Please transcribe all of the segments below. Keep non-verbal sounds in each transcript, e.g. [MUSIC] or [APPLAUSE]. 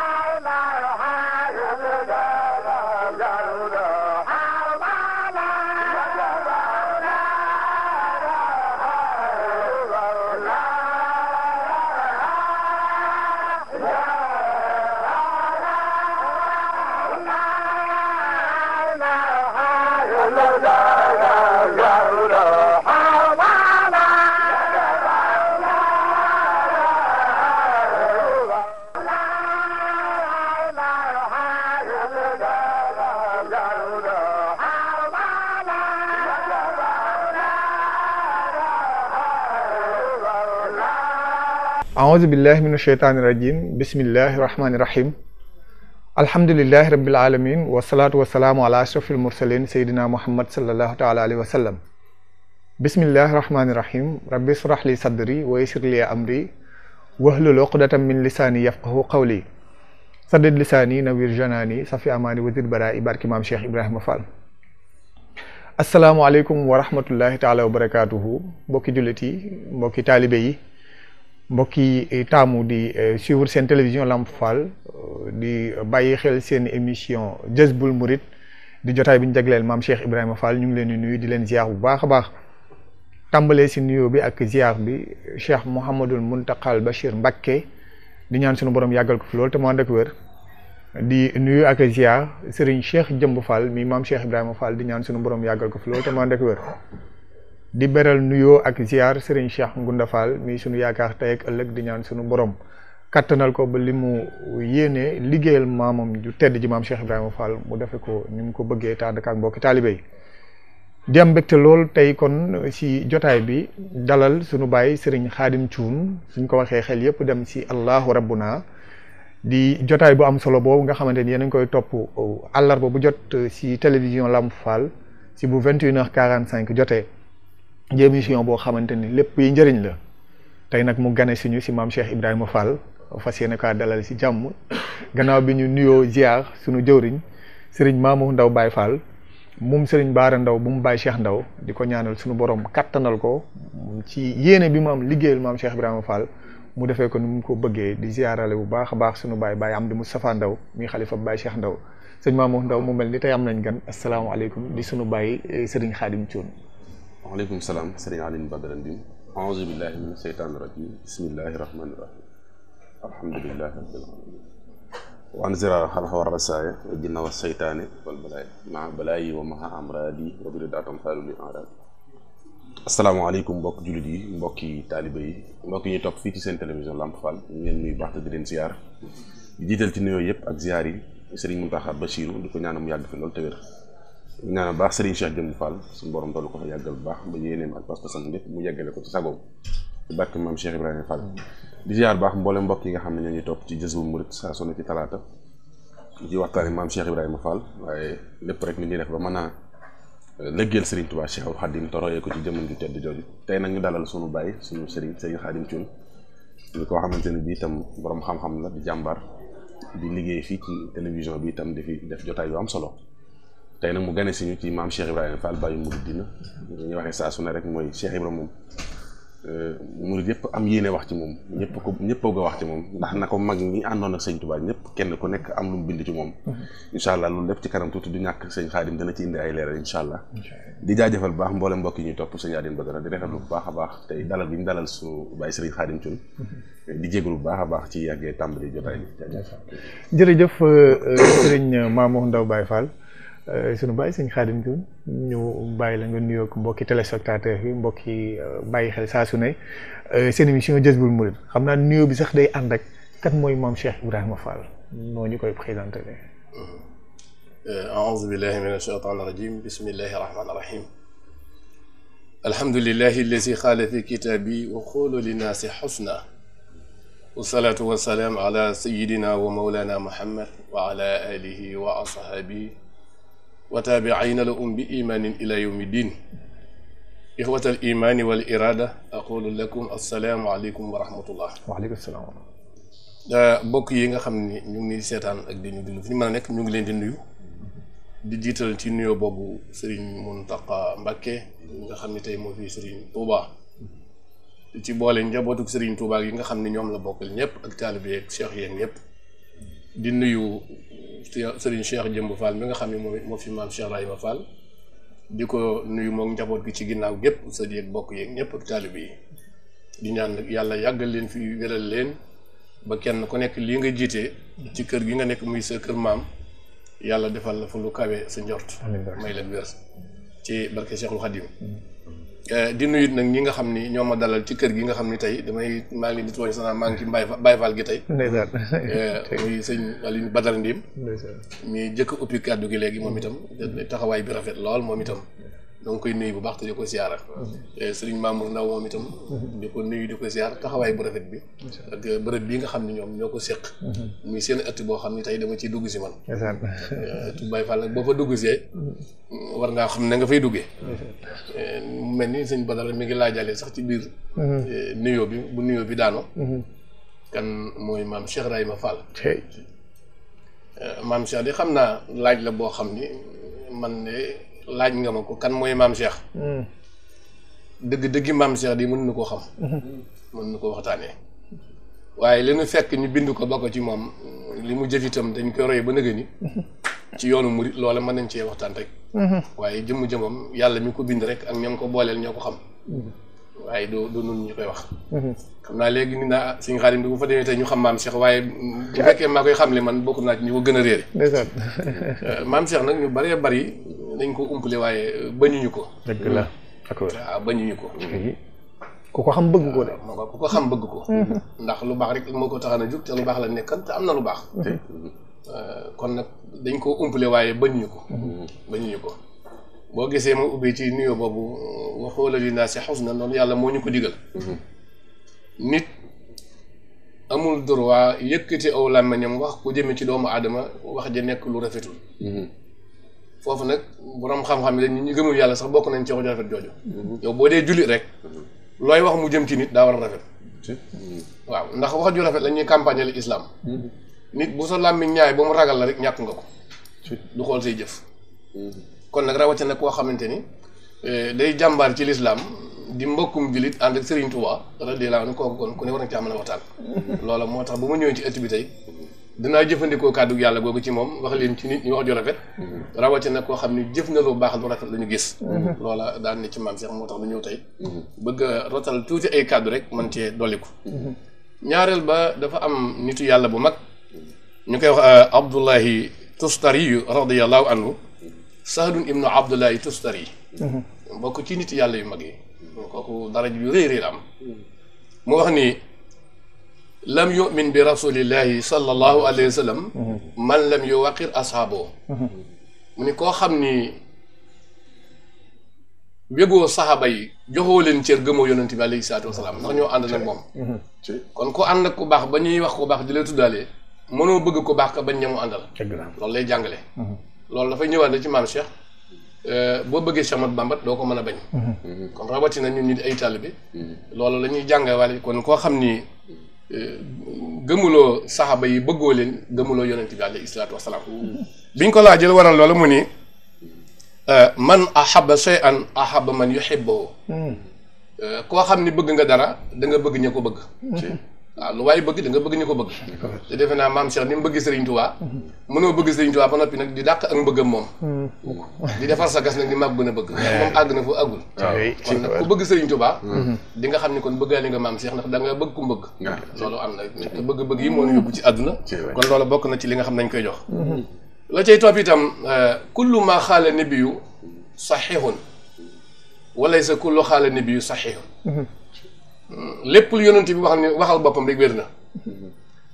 la la. أعوذ بالله من الشيطان الرجيم بسم الله الرحمن الرحيم الحمد لله رب العالمين والصلاة والسلام على أشرف المرسلين سيدنا محمد صلى الله تعالى عليه وسلم بسم الله الرحمن الرحيم رب اشرح لي صدري ويسر لي أمري واحلل عقدة من لساني يفقه قولي سدد لساني نوير جناني صفي أماني وزير برائي بارك إمام شيخ إبراهيم فال السلام عليكم ورحمة الله تعالى وبركاته بوكي jullit بوكي mbokki mbokk yi eh, taamu di eh, suivre seen télévision Lamp Fall eh, di bàyyi xel seen émission Jazboul Mouride di jotaay bi ñu jagleel maam sheikh Ibrahima Fall ñu ngi leen di nuyu di leen ziar bu baax a baax tàmbalee si nuyoo bi ak ziar bi Cheikh Mouhamadul Muntakal Bachir Mbacké di ñaan sunu borom yàggal ko fi lool te mu ànd weer di nuyu ak ziar Serigne Cheikh Jëmb Fall mi maam Cheikh Ibrahima Fall di ñaan sunu borom yàggal ko fi lool te mu ànd di beral nuyo ak ziar Serigne Cheikh Ngounda Fall mi sunu yaakaar tay ak ëllëg di ñaan sunu borom kattanal ko ba limu yene yéene mamam ju tedd ji mam Cheikh Ibrahima Fall mu defe ko nim ko bëggee te ak mbokki taalibe di am mbégte lool kon si jotay bi dalal sunu bay Serigne Khadim Thioune suñ ko waxé xel yépp dem ci allah rabbuna di jotay bu am solo bo nga xamanteni yeen yéen a ngi koy bu jot si télévision lam Fall si bu 21h45 jotee. di boo xamante ni lépp yi njëriñ la tey nag mu gane suñu ñu si maam Cheikh Ibrahima Fall fas yéene kaa dalal si jàmm gannaaw bi ñu nuyoo ziar suñu jëwriñ sëriñ Maamu Ndaw Baye Fall moom sëriñ Baara Ndaw bu mu Baye Cheikh Ndaw di ko ñaanal suñu borom kattanal ko ci yéene bi mu am liggéeyal maam Cheikh Ibrahima Fall. mu defee ko ni mu ko bëggee di ziarale bu baax a baax suñu baay baay am di mu Moustapha Ndaw muy xalifa baay Cheikh Ndaw sëñ Maamu Ndaw mu mel ni tey am nañ gan asalaamaaleykum di suñu baay eh, Serigne Khadim Thioune وعليكم السلام سرين علي مبادر الدين أعوذ بالله من الشيطان الرجيم بسم الله الرحمن الرحيم الحمد لله رب العالمين وأنزل الله والرسايا والجن والشيطان والبلاء مع بلاء ومع أمرادي وبرداتهم أمثال لأعرادي السلام عليكم بوك جلدي بوك طالبي بوك يتوب في تسين تلفزيون لامب فال نين مي بحت درين زيار جيتل تنيو يب أك زياري سرين منتخب بشيرو لكو نعنم يالد في لول تبير ñu naan baax Serigne Cheikh Jëmm Fall suñu borom doolu ko fa yàggal bu baax ba yéeneem ak pas-pasam lépp mu yàggale ko ci sagoom di ziar baax mboolem mbokk yi nga xam ne ñoo ñuy topp ci Jazbul Murid saa su ne ci talaata ci waxtaani maam Cheikh Ibrahima Fall waaye lépp rek ni ñuy def ba man a euh, lëggeel Serigne Touba Cheikhul Khadim te royee ko ci jëmm ju tedd jooju tey nag ñu dalal suñu bàyyi suñu Serigne Serigne Khadim Thioune ñu koo xamante ne bii itam borom xam-xam la jàmbaar di liggéey fii ci télévision bi itam di fi def jotaay yu am solo tey nag mu gane si ñu ci maam Cheikh Ibrahima Fall Baye Mouridina li ñuy waxee saa su ne rek mooy Cheikh Ibrahima moom euh, murid yëpp am yéene wax ci moom ñëpp ko ñëpp bëgg a wax ci moom ndax na ko mag ñi àndoon a sëñ Tuubaa ñëpp kenn ku nekk am lu mu bind ci moom mm-hmm. incha allah loolu lépp ci kanam tuuti du ñàkk sëñ Xaadim dana ci indi ay leeral incha allah di jaajëfal baax mboolem mbokk yi ñuy topp sëñ Xaadim Badara di rafetlu bu baax a baax tey dalal bi ñu dalal su bàyyi sëriñ Xaadim Cuun mm-hmm. di jégalu bu baax a baax ci yàggee tàmbali jotaay bi jërëjëf euh, sëriñ [COUGHS] Mamour Ndaw Baye Fall sunu baay sëñ Xaadim Diouf ñu bàyyi la nga nuyoog mbokki téléspectateurs yi mbokki bàyyi xel saa su ne seen émission Jazboul Mouride xam naa nuyoo bi sax day ànd ak kan mooy maam Cheikh Ibrahima Fall moo ñu koy présenté. أعوذ بالله من الشيطان الرجيم بسم الله الرحمن الرحيم الحمد لله الذي قال في كتابي وقولوا للناس حسنا والصلاة والسلام على سيدنا ومولانا محمد وعلى آله وأصحابه وتابعين لهم بإيمان إلى يوم الدين إخوة الإيمان والإرادة أقول لكم السلام عليكم ورحمة الله وعليكم السلام mbokk yi nga xam ne ñu ngi seetaan ak dañu dund fi ñu mën ñu ngi leen di nuyu di jiital ci nuyoo boobu sëriñ muntaka Mbacké nga xam ne tey moo fi sëriñ Touba ci boole njabootuk sëriñ Touba yi nga xam ne ñoom la bokkal ñëpp ak taalibe yeeg cheikh yeeg ñëpp di nuyu sëriñ Cheikh Jëmb Fall mi nga xam ne moom it moo fi maam Cheikh Rahima Fall di ko nuyu moom njaboot gi ci ginnaaw gépp sa yeeg bokk yeeg ñëpp ak taalib yi di ñaan yàlla yàggal leen fi wéral leen ba kenn ku nekk lii nga jiitee ci kër gi nga nekk muy sa kër maam yàlla defal la fu lu kawe sa njort may la wér ci barke Cheikhul Khadim mm. Euh, di nuyut nag ñi nga xam ni ñoo ma dalal ci kër gi nga xam ni tey damay maa ngi di tooñ sanaa maa ci mbay Baye Fall gi tey euh, muy sëñ Aliou Badar Ndim muy jëkk uppi kàddu gi léegi moom itam taxawaay bi rafet lool moom itam da nga koy nuyu bu baax te di ko ziara mhm. eh, sëriñ Mamour Ndaw moom itam mhm. di ko nuyu di ko ziar taxawaay bu rafet bi ak bërëb bii nga xam ne ñoom ñoo ko séq mhm. muy seen ëtt boo xam ne tey dama ciy dugg si man tu Baye Fall boo fa dugg ngaa xam ne fay duggee eh, mu mel ni sëñ Badara mi ngi laajalee sax ci biir eh, nuyoo bi bu nuyoo bi daano kan mooy maam Cheikh Ibrahima Fall di xam naa laaj la boo xam ni man de laaj nga ma ko kan mooy maam seex hmm. dëgg dëggi maam Cheikh di mën na koo xam. mën na ko waxtaanee. waaye li nu fekk ñu bind ko ba ko ci moom li mu jëf itam dañ koy roy ba nëgë ni. ci yoonu murit loola mën nañ cee waxtaan rek. Hmm. waaye jëmm jëmmam yàlla mi ko bind rek ak ña ko booleel ñoo ko xam. Hmm. waaye du du nun ñu koy wax. Mhm. xam naa léegi ni naa ah suñu xaarim bi bu fa demee tey ñu xam maam Cheikh waaye bu fekkee maa koy xamle man bokk naa ñu ko gën a réere. Euh, maam Cheikh nag ñu baree bari dañ ko umpale waaye bañuñu ko. dëgg la d'accord ko. ku ko xam bëgg ko de. moo ku ko xam bëgg ko. Mhm. ndax lu baax rek moo ko tax na jug te lu baax la nekkan te am na lu baax. Mhm. Euh, kon nag dañ ko umpale waaye ñu ko. bañuñu ko. boo gisee ma ubbi ci nuyoo boobu waxoo la li naa si xusna yàlla moo ñu ko digal mhm. nit amul droit yëkkati aw làmmiñam wax ku jëme ci doomu aadama wax ji nekk lu rafetul mhm. foofu nag borom xam-xam yi ñu gëmul yàlla sax bokk nañ ci wax ju mhm. boo dee jullit rek looy wax mu jëm ci nit daa war a rafet waaw ndax wax ju rafet la ñuy campagne la islam nit bu sa làmmiñ ñaay ba mu ragal la rek ñàkk nga ko du xool say jëf kon nag rawatina koo xamante ni eh, day jàmbaar ci lislaam di mbokkum jullit ànd ak Serigne Touba radiyallaahu anhu kooku kon ku ne war na caa mën a waxtaan. loola moo tax bu ma ñëwee ci ëtt bi tey dinaa jëfandikoo kàddu yàlla googu ci moom wax leen ci nit ñu wax ju rafet. rawatina koo xam ne jëf na lu baax lu rafet la ñu gis. loola daan ne ci maam Cheikh moo tax ñu ñëw tey. bëgg a rotal tuuti ay kàddu rek mën cee dolliku. ñaareel ba dafa am nitu yàlla bu mag. ñu koy wax eh, Abdullahi Tustari radiyallaahu anhu sahdun ibnu abdullahi tustari mhm. bokk ci nit yàlla yu mag yi kooku daraj yu rëy rëy am mu wax ni lam yumin bi rasulillahi sallallahu alayhi wa sallam mhm. man lam yuwaqir ashaaboo mhm. mu ni koo xam ni wégoo saxaaba yi joxoo leen cër gëmoo yonent bi alayhi salaatu wasalaam ndax ñoo ànd nag moom kon ku ànd ak ku baax ba ñuy wax ku baax di la tuddaale mënoo bëgg ku baax ka bañ ñamu àndal loolu lay jàngale loolu dafay ñëwaat na ci maam Cheikh euh, boo bëggee Cheikh Ahmadou doo ko mën a bañ. Mhm. Mhm. kon rawatina ñun ñu di ay taalibe mhm. loolu la ñuy jàngawaale kon koo xam ni euh, gëmuloo saxaaba yi bëggoo leen gëmuloo yonent bi alayhi salaatu wasalaam. biñ ko laa laajal waral loolu mu ni euh, man ahaba shay'an ahaba man yuhibbuhu koo xam ni bëgg nga dara danga bëgg ñu ko bëgg. Ah, lu way bëgg da nga bëgg ni ko bëgg té défé na mam Cheikh ni mu bëgg Serigne Touba mëno bëgg Serigne Touba fa noppi nag di dakk ak mbëggam mom di défar sa gas nak di mag gën a bëgg eh. mom ag na fu agul kon nag ku bëgg Serigne Touba di nga xamni kon bëggal nga mam Cheikh nak da nga bëgg ku mbëgg lolu am na te bëgg-bëgg yi mo ñu yobbu ci aduna kon lolu bok na ci li nga xam nañ koy jox la cey topp itam eh, kullu ma khala nabiyyu sahihun walaysa kullu khala nabiyyu sahihun lépp lu yonent bi waxal ni waxal boppam rek wér na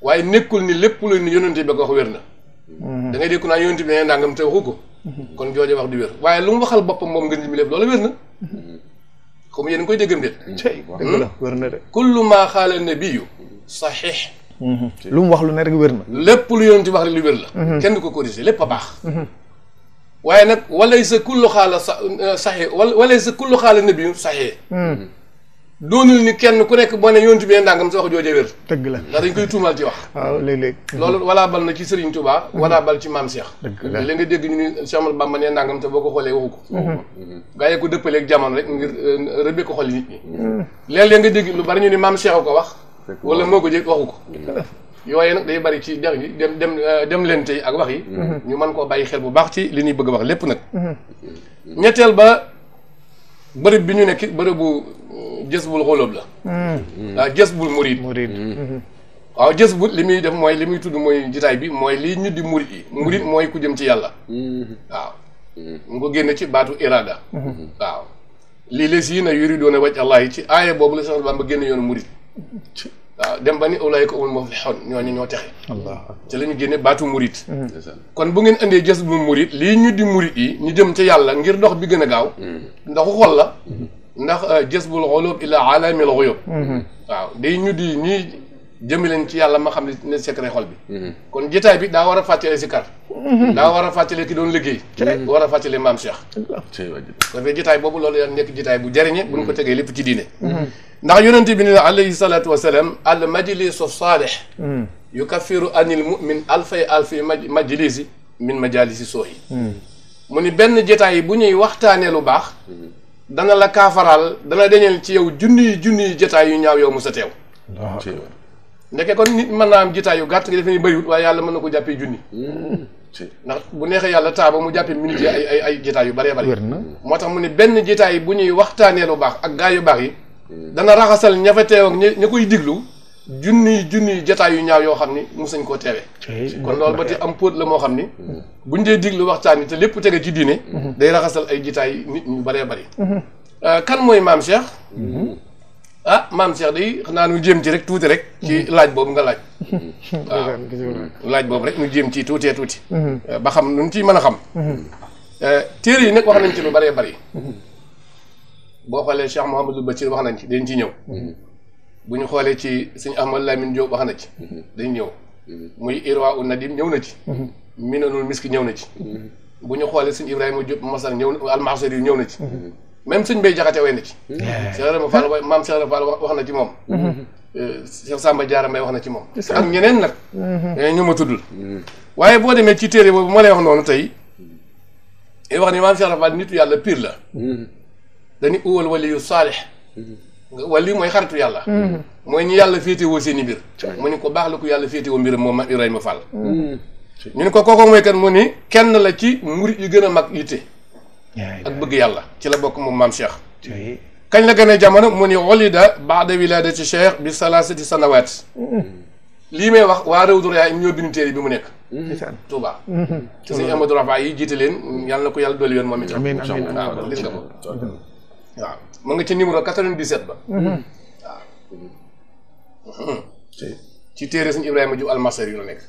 waaye nekkul ni lépp lu ni yonent bi ko wax wér na mhm. da ngay naa yonent bi ne te ko mhm. kon jooje wax du wér waaye lu mu waxal boppam moom ngën ji mi lépp na comme koy déggam mhm. déet hmm? wér na de kullu maa xaala nabiyu saxiix lu mu wax lu ne rek wér na lépp lu yonent bi wax rek lu wér la kenn du ko corrigé lépp a baax waaye nag walay sa kullu xaala sa euh, saxee walay sa kullu xaala nabiyu saxee doonul ni kenn ku nekk boo ne yontu bee ndàngam sa wax joojee wér dëgg la ndax dañ koy tuumal ci wax waaw léeg loolu walaa bal na ci Serigne Touba walaa bal ci maam Cheikh léeg nga dégg ñu ni Cheikh Ahmadou Bamba nee ndàngam boo ko xoolee waxu ko mhm. mhm. gaa yi ko dëppaleek jamono rek ngir euh, rëbbee ko xol nit ñi mhm. léeg-léeg nga dégg lu bari ñu ni maam Cheikh ko wax wala moo ko jëkk waxu ko yooyu nag day bari ci jax yi dem dem euh, dem leen tey ak wax yi ñu mën koo bàyyi xel bu baax ci li ñuy bëgg wax lépp nag bërëb bi ñu nekk bërëbu euh, jësbul xoloob la. waaw hmm. hmm. ah, jësbul murid. murid. Hmm. waaw jësbul li muy def mooy li muy tudd mooy jitaay bi mooy lii ñu di murid yi. murid mooy ku jëm ci yàlla. waaw mu ko génne ci baatu irada. waaw lii les yii na yuridoona waj allah yi ci aaya boobu la Seex ba génne yoonu murid. waaw dem ba ni ulaayka umul muflihun ñooñu ñoo texe. ci la ñu génne baatu murit. Mm-hmm. kon bu ngeen andee jës bu murit lii ñu di murit yi ñu jëm ca yàlla ngir dox bi gën a gaaw. Mm-hmm. ndaxu xol la. ndax euh, jës bul xoloob ila alamil xuyub mm-hmm. waaw day ñu di jëmmi leen ci yàlla ma xam ne secret xol bi mhm. kon jitaay bi daa war a fàttali si kar mhm. daa war a fàttali ki doon liggéey war a fàttali maam Cheikh ko defee jitaay boobu loolu yaa nekk jitaay bu jëriñe bu ñu ko mhm. tegee lépp ci diine ndax yonente bi ne la alayhi salaatu wasalaam al majlisu saalih yukaffiru anil mu'min alfay alfi majlisi min majalisi soohi mu ni benn jitaay bu ñuy waxtaanee lu baax dana la kaafaraal dana deñal ci yow junni yi junni yu ñaaw yow musa teew ndeke kon nit mën naa am jitaay yu gàtt nga defee bëriwut waaye yàlla mën na ko jàppee junni hmm. ndax bu neexee yàlla taaba mu jàppee minute ay ay ay jitaay yu bëree bëri moo tax mu ne benn jitaay bu ñuy waxtaanee lu baax ak gaa yu baax yi dana raxasal ña fa teew ña koy diglu junni junni jataay yu ñaaw yoo xam ni musañ koo teewee kon loolu ba te am póot la moo xam ni hmm. buñ dee diglu waxtaan yi te lépp tege ci diine hmm. day raxasal ay jitaay nit ñu bëree bëri euh, ah maam Cheikh day xanaa nu jéem ci rek tuuti rek. ci mhm. laaj boobu nga laaj. [LAUGHS] waaw laaj boobu rek nu jéem ci tuutee tuuti. Mhm. Eh, ba xam nu ciy mën a xam. Mhm. Eh, téere yi nag wax nañ ci lu bëree bëri. boo xoolee Cheikh Mouhamadul Bachir wax nañ ci dañ ci ñëw. bu ñu xoolee ci sëñ Ahmad Lamine Diop wax na ci. dañ ñëw. muy Irwa na di ñëw na ci. Minanul Miski ñëw na ci. bu ñu xoolee sëñ Ibrahima Diop Masar ñëw na almaxsar yu ñëw na ci. même suñ Bay Jaxate way na ci hmm. eh. Cheikh Rama Fall maam Cheikh Rama Fall wax na ci moom hmm. eh, Cheikh Samba Diarra may wax na ci moom ak ñeneen nag ñeneen hmm. eh, ñu ma tuddul waaye boo demee ci téere boobu ma lay wax noonu tey day wax ni maam Cheikh Rama Fall yàlla pire la dañu uwal wali yu saalix wali mooy xaritu yàlla mooy ñu yàlla féetewoo seen i mbir mu ni ko baax la ko yàlla féetewoo mbiram moom Ibrahima Fall ñu ni ko kooku mooy kan ni kenn la ci murit yu gën a mag yitte ak bëgg yàlla ci la bokk moom maam Cheikh. kañ la gën a jamono mu ni walida baada wilaadati Cheikh bi salaasati sanawaat. Mm-hmm. lii may wax waa Rawdu Rayaahin ñoo bindu téere bi mu nekk. Mm-hmm. Touba. Mm-hmm. te sëñ Amadou Rafa yi jiite leen yàlla na ko yàlla dolli yoon moom itam. amiin amiin waaw gis nga ko. ci numéro 97 ba. waaw. ci téere yu la nekk.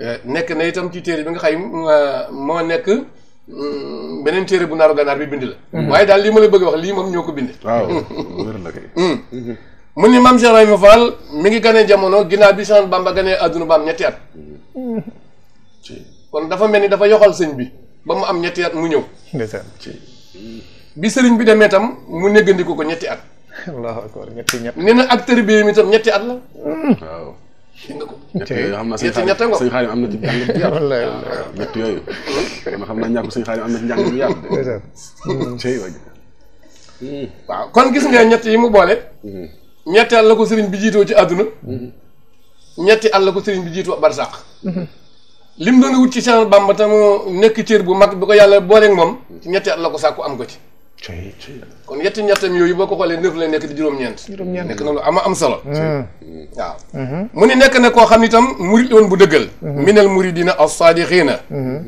Eh, nekk na itam ci téere bi nga xay uh, moo nekk. Mm, beneen téere bu naaru ganaar bi bind la. Mhm. waaye daal lii ma la bëgg wax lii moom ñoo ko bind. waaw [LAUGHS] wér na kay. Mm. mu ni maam Cheikh Ibrahima Fall mi ngi ganee jamono ginnaaw bi Cheikh Bamba ganee àdduna ba dafa mel ni dafa yoxal sëñ bi ba mu am ñetti at mu ñëw. bi sëriñ bi demee tam mu néggandiku ko ñetti at. [LAUGHS] allahu ñetti ñett na acteur bi mi tam ñetti at la. Mm. gis nga xam naa sëñ Xaadim sëñ Xaadim am na ci njàng bu [LAUGHS] yaatu. wallaay ah, ñett yooyu. man xam naa ñàkk sëñ Xaadim am na ci mm. hmm. waaw kon gis nga ñett yi mu boole. Mm-hmm. ñetti àll ko sëriñ bi jiitoo ci àdduna. Mm-hmm. ñetti àll ko sëriñ bi jiitoo barsàq. Mm-hmm. lim doon wut ci sa Bamba te mu nekk cër bu mag bi ko yàlla booleeg moom. ci ñetti ko sàkku am ko ci. cay kon ñetti ñettam yooyu boo ko xoolee neuf lay nekk di juróom-ñeent. juróom nekk na lu ama am solo. Mm. Mm. waaw. Mm-hmm. mu ni nekk na koo xam ni tam murid woon bu dëggal. Mm-hmm. minal muridina as na mm-hmm.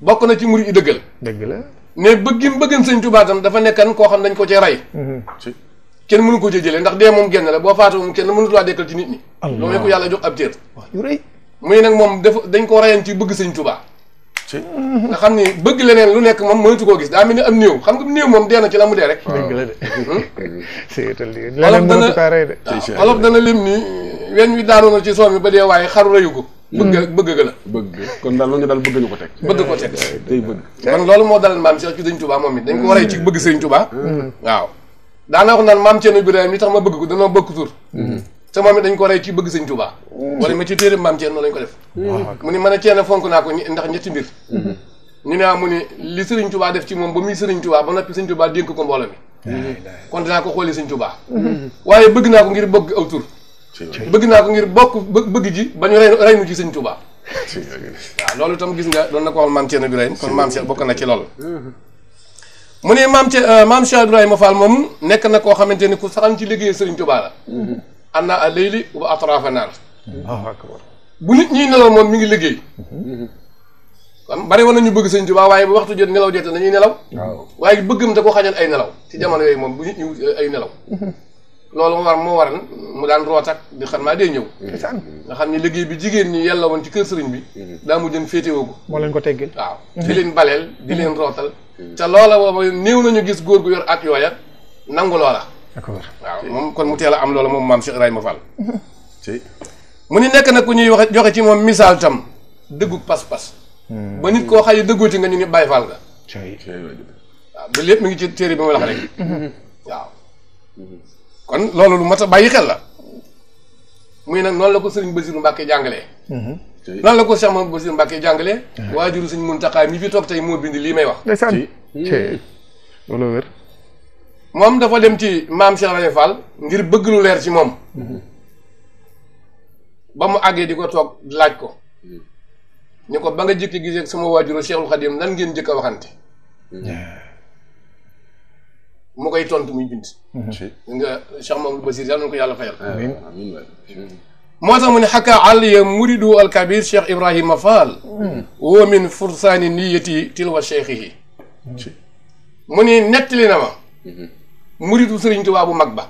bokk na ci murid yi dëggal. dëgg la mais bëggim bëggam sëñ Tuubaa tam dafa nekkan koo xam ne dañ ko cee rey. kenn mënu ko cee jëlee ndax dee moom genn la boo faatu moom kenn mënut laa dekkal ci nit ñi. loolu ko yàlla jox ab cër. waaw yu muy nag moom dafa dañ ko reyan ci bëgg sëñ tubaa nga xam ni bëgg leneen lu nekk moom tu koo gis daa mel ni am néew xam nga néew dee na ci la de. Hmm? leneen mënatu kaa rey de. olof dana lim ni weñ wi daanu na ci soom mi ba dee waaye xaru reyu ko. Hmm. bëgg bëgg ga bëgg kon daal loolu ñu daal bëgg ñu ko teg. bëgg ko teg tey bëgg. kon loolu moo dalal maam Cheikh ci Sëñ Touba moom it ko ci bëgg Sëñ Touba. Hmm. waaw daanaka wax naan maam Thierno Birahim li tax ma bëgg ko danoo bëgg tur. sa moom it dañ ko rey ci bëgg sañ Tuubaa mm. wala ma ci téere maam Thierno lañ ko def mm. mu ni man naa ko ndax ñetti mbir mm-hmm. ñu ne ah mu ni li sëriñ Tuubaa def ci moom ba muy sëriñ Tuubaa ba noppi sëñ Tuubaa dénk ko kon dinaa ko xoolee sëñ Tuubaa mm-hmm. waaye bëgg naa ko ngir bokk aw tur bëgg naa ko ngir bokk bëgg ji ba ñu rey rey nu ci sëñ Tuubaa loolu itam gis nga doon na ko waxal maam Thierno Birahim kon maam bokk na ci lool mm-hmm. mu ne maam Cheikh euh, maam Cheikh Ibrahima moom nekk na koo xamante ni ku saxan ci liggéey sëriñ Tuubaa la anna alayli wa atrafa nar allahu akbar bu nit ñi nelaw mom mi ngi liggey kon bari wona ñu bëgg señ tuba waye bu waxtu jot nelaw jotee dañuy nelaw waye bëggum da ko xañal ay nelaw ci jamono yoy mom bu nit ñi ay nelaw lolu mo war mo war mu daan root ak di xam ma de ñew nga xam ni liggey bi jigéen ñi yalla won ci keur señ bi da mu mujjën fété wugo mo leen ko teggel waaw di leen balel di leen rotal ca lolu booba neew nañu gis goor gu yor ak yoya nangu loola d'accord waaw moom kon mu teel am loolu moom maam Cheikh Ibrahima Fall. [LAUGHS] mu ni nekk nag ku ñuy wax joxe ci moom misaal tam dëggu pas-pas. Hmm. ba nit koo xaye dëggooti nga ñu ni Baye Fall nga. ba lépp mu ngi ci téere bi ma wax hmm. [LAUGHS] lu mat a bàyyi xel la. muy nag noonu la ko sëriñ Basiru Mbàkke jàngalee. Hmm. noonu la ko Cheikh Mamadou Basiru Mbàkke jàngalee. waajuru sëriñ Muntaxa mi fi toog tey moo bind lii may wax. ndeysaan. loolu moom dafa dem ci maam Cheikh Ibrahima Fall ngir bëgg lu leer ci moom ba mu àggee di ko toog laaj ko ñu ko ba nga jëkki gisee sama waajuru Cheikhul Khadim lan ngeen jëkk a waxante mu koy tontu muy bind mm-hmm. nga Cheikh Mamadou Basir yàlla na ko yàlla fayal moo tax mu ne xakka àlliya muridu alkabir Cheikh Ibrahima Fall mm. wa min fursaani niyati tilwa cheikhihi mm. mu ni nettali na ma mm-hmm. muritu Serigne Touba bu mag ba.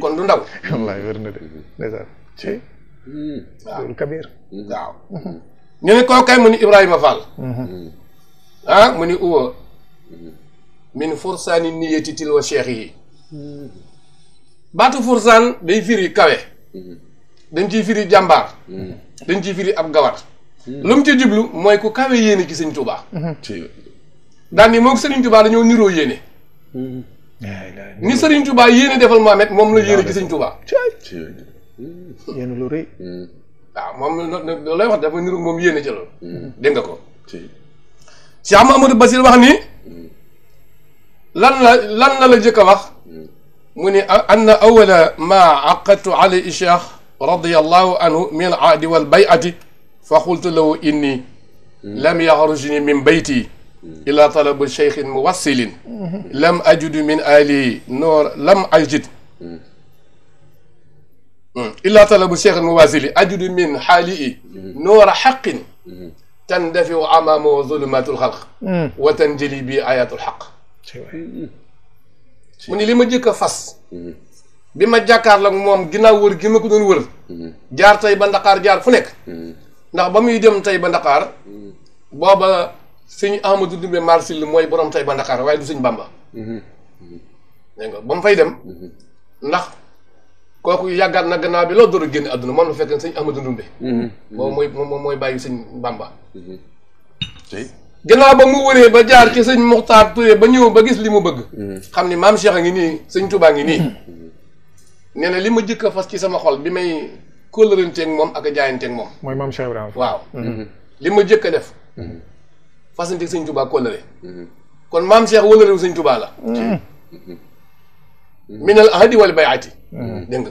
kon du ndaw. wallaay wér na de ndeysaan. ci hmm. waaw Kabir. Hmm. waaw hmm. ñu ne koo kay mu ni Ibrahima Fall. ah mu ni uwa min fursaani niyati til wa cheikh yi. baatu fursaan day firi kawe. dañ ciy firi jàmbaar. dañ ciy firi ab gawar. lu mu ci jublu mooy ku kawe yéene ci sëñ Touba. daan ni moog sëñ Touba dañoo niroo yéene. ni Serigne Touba yéene defal Mohamed moom la yéene ci Serigne Touba. yéen lu rëy. waaw hmm. ah, moom lay wax dafa niru moom yéene ci loolu. Hmm. dégg nga ko. Cheikh Mamadou Basir wax ni. Hmm. lan la lan la la jëkk a wax. mu ni anna awala ma aqadtu alayhi cheikh radiyallahu anhu min aadi wal bayati fa qultu lahu inni lam yaxrujni min bayti إلى طلب شيخ موصل لم أجد من آلي نور لم أجد إلا طلب الشيخ الموازل أجد من حالي نور حق تندفع أمام ظلمات الخلق وتنجلي بي آيات الحق من لما جيك فاس بما جاكار لك موام جنا ور جيما كدون ور جار تاي بندقار جار فنك نا نعم، بامي يدم تاي بابا sëñ Amadou Ndoumbé Marsil mooy borom tay ba Ndakaar waaye du sëñ Bamba. Mhm. dégg nga ba mu fay dem. Mhm. ndax kooku yàggaat na gannaaw bi loolu door a génn àdduna moom la fekk sëñ Amadou Ndoumbé. Mhm. mooy moom mooy bàyyi sëñ Bamba. gannaaw ba mu wëree ba jaar ci sëñ Muxtaar Touré ba ñëw ba gis li mu bëgg. xam ni maam Cheikh a ngi nii sëñ Touba ngi nii. nee li ma jëkk a fas ci sama xol bi may kóllëranteeg moom ak a moom. mooy maam Cheikh Ibrahima waaw. li ma jëkk a def. fasante sëñ Touba kóllëre mhm. kon maam Cheikh wëllërewu sëñ Touba la mm. mhm. minal ahdi wal bayati mm. dégg nga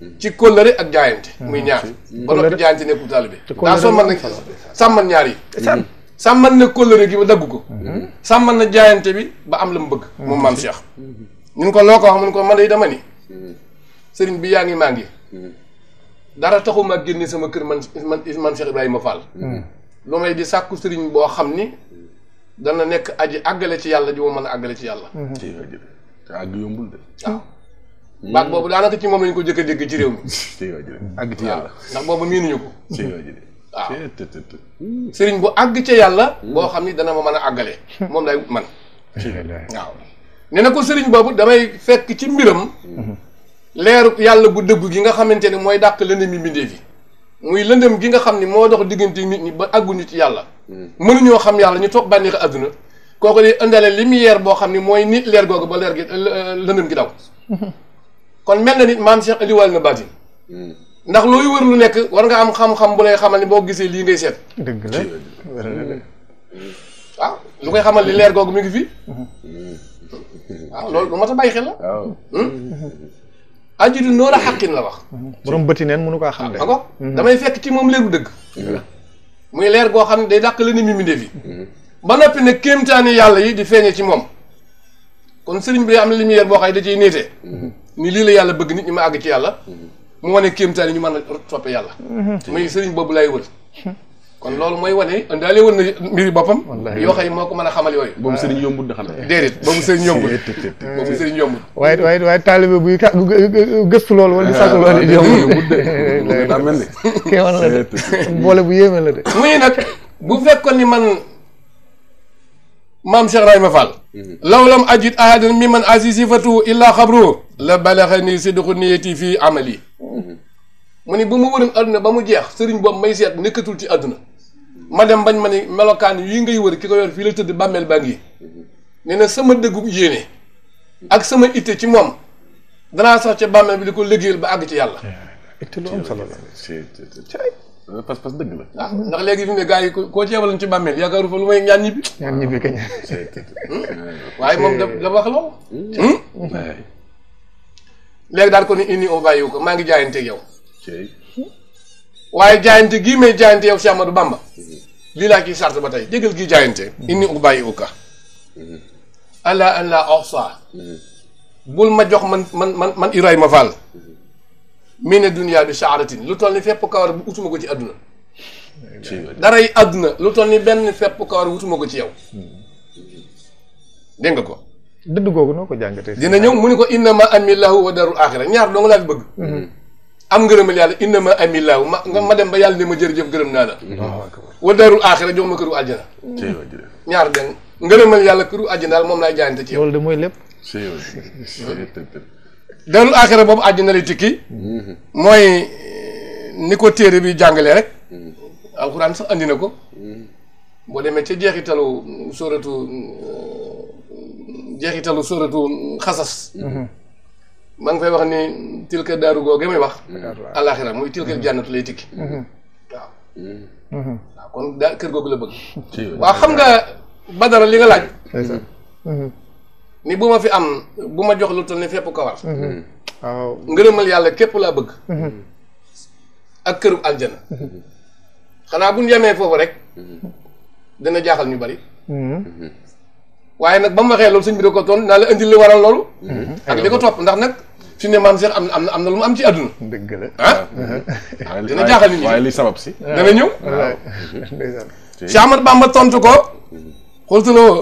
mm. ci kóllëre ak jaayante muy ñaax ba noppi jaayante nekkul taalibe daa sooman nag sàmman ñaar yi mhm. sàmman na kóllëre gi ba dagg ko sàmman na jaayante bi ba am la mu bëgg moom maam Cheikh ñun ko loo ko wax mun ko man day dama ni sëriñ bi yaa ngi maa ngi dara taxuma génne sama kër man man Cheikh Ibrahima Fall lu may di sàkku sëriñ boo xam ni dana nekk aj àggale ci yàlla ji ma mën a àggale ci yàlla. Mhm. te àgg ah. boobu daanaka ci moom lañ ko jëkk a ci réew mi. [LAUGHS] àgg ci yàlla ndax ah. sëriñ bu àgg ci yàlla. Hmm. boo xam ni dana ma man a àggale. Hmm. moom lay man waaw ko sëriñ boobu damay fekk ci mbiram. Hmm. leer yàlla bu dëgg gi nga xamante ne mooy dàq lëndëm mi fi. muy lëndëm gi nga xam ni moo dox diggante nit ñi ba àgguñu ci yàlla. Hmm. mënuñoo xam yàlla ñu topp bànneexi àdduna. kooku day indaale lumière boo xam ni mooy nit leer googu ba leer gi euh, euh, lëndëm gi daw. Hmm. kon mel na nit maam Cheikh indiwaale na baatin. Hmm. ndax looy wër lu nekk war nga am xam-xam bu lay xamal ni boo gisee lii ngay seet. dëgg la waaw ah, lu koy xamal li leer googu mi ngi fi. waaw ah, loolu lu ma ta bàyyi xel la. ajidu noora xaqin la wax. borom bëti neen mënu kaa xam de. ko mhm. damay fekk ci moom léegu dëgg. muy leer goo xam ne day dàq leneen mi mbindéef yi. Mhm. ba ne nag kéemtaani yàlla yi di feeñe ci moom. kon sëriñ bi am na lumière boo xam ne da ciy niitee. Mhm. ni lii la yàlla bëgg nit ñi ma àgg ci yàlla. mu wane kéemtaani ñu man a toppee yàlla. muy sëriñ boobu lay wër. kon lool mooy wane indaale woon na mbiri boppam yoo xam moo ko mën a xamal yooyu boobu sëriñ ah. yombut na xam ne déedéet boobu sëriñ [LAUGHS] yombut boobu sëriñ yombut waaye waaye waaye taalibe buy ka gëstu loolu wala di sàkk ah, [LAUGHS] [LAUGHS] boole bu yéeme la de muy nag bu fekkoon ni man maam Cheikh Rahima Fall mm-hmm. law lam ajid ahadan mi man asisi fatu illa xabru la balaxa ni sidqu niyati fii amali mm-hmm. mu ni bu mu wëroon àdduna ba mu jeex sëriñ boobu may seet nekkatul ti àdduna ma dem bañ ma ni melokaan yi ngay wër ki ko yor fii la tëdd bàmmeel baa ngi mhm. nee sama dëggu yéene ak sama ite ci moom danaa sax ca bàmmeel bi da ko liggéeyal ba àgg ci yàlla. Eh, itte lu que dëgg la. Ah, ndax léegi fi mu ne gars yi koo ci yabaloon ci bàmmeel yaakaaru fa lu may ñaan ñibbi. ñaan ñibbi kañ. Hmm? waaye moom da da wax hmm? Hmm? daal ko ni indi oo bàyyiwu ko maa ngi jaayanteeg yow. waaye jaayante gii may jaayante yow si du Bamba lii laa ciy sart ba tey déggal gii jaayante inni ubàyyi uka ala an la bul ma jox man man man man Ibrahima Fall mi ne duniyaa saaratin lu toll ni fépp kawar bu utuma ko ci àdduna dara yi àdduna lu toll ni benn fépp kawar wutuma ko ci yow dégg nga ko dëdd googu noo ko jàngatee dina ñëw mu ni ko innama amillahu wa darul axira ñaar doo nga laa fi bëgg am ngërëmal yàlla inna ma amilaaw ma ma dem ba yàlla ne ma jërëjëf gërëm naa la. wa daarul aaxira jox ma këru àjjana. ñaar den ngërëmal yàlla këru àjjana daal moom laay jaayante ci yow. loolu de mooy lépp. daarul aaxira boobu àjjana lay tikki. Mhm. mooy eh, ni ko téere bi jàngale rek. Mhm. alxuraan sax andi na ko. Mhm. boo demee ca jeexitalu mm, sóoratu mm, jeexitalu sóoratu mm, xasas. maa ngi fay wax ni tilka daaru googu may wax. alaxira muy tilka mm-hmm. jànnatu lay tikki. Mm-hmm. waaw. Mm-hmm. waaw kon daa kër googu la bëgg. waaw xam nga badara li nga laaj. ni bu ma fi am bu ma jox lu toll ni fépp kawar. ngërëmal yàlla képp laa bëgg. ak këru aljana. xanaa bu ñu foofu rek. dana jaaxal ñu bari. waaye nag ba mu waxee loolu sañ bi da ko toon naa la indil li waral loolu mhm. ak li ko topp ndax nag fi ne maam Cheikh am na am na lu mu am ci àdduna dëgg la ah? mhm. dina jaaxal nit ñi waaye li si dana ñëw Cheikh Ahmad Bamba tontu ko xultu la woo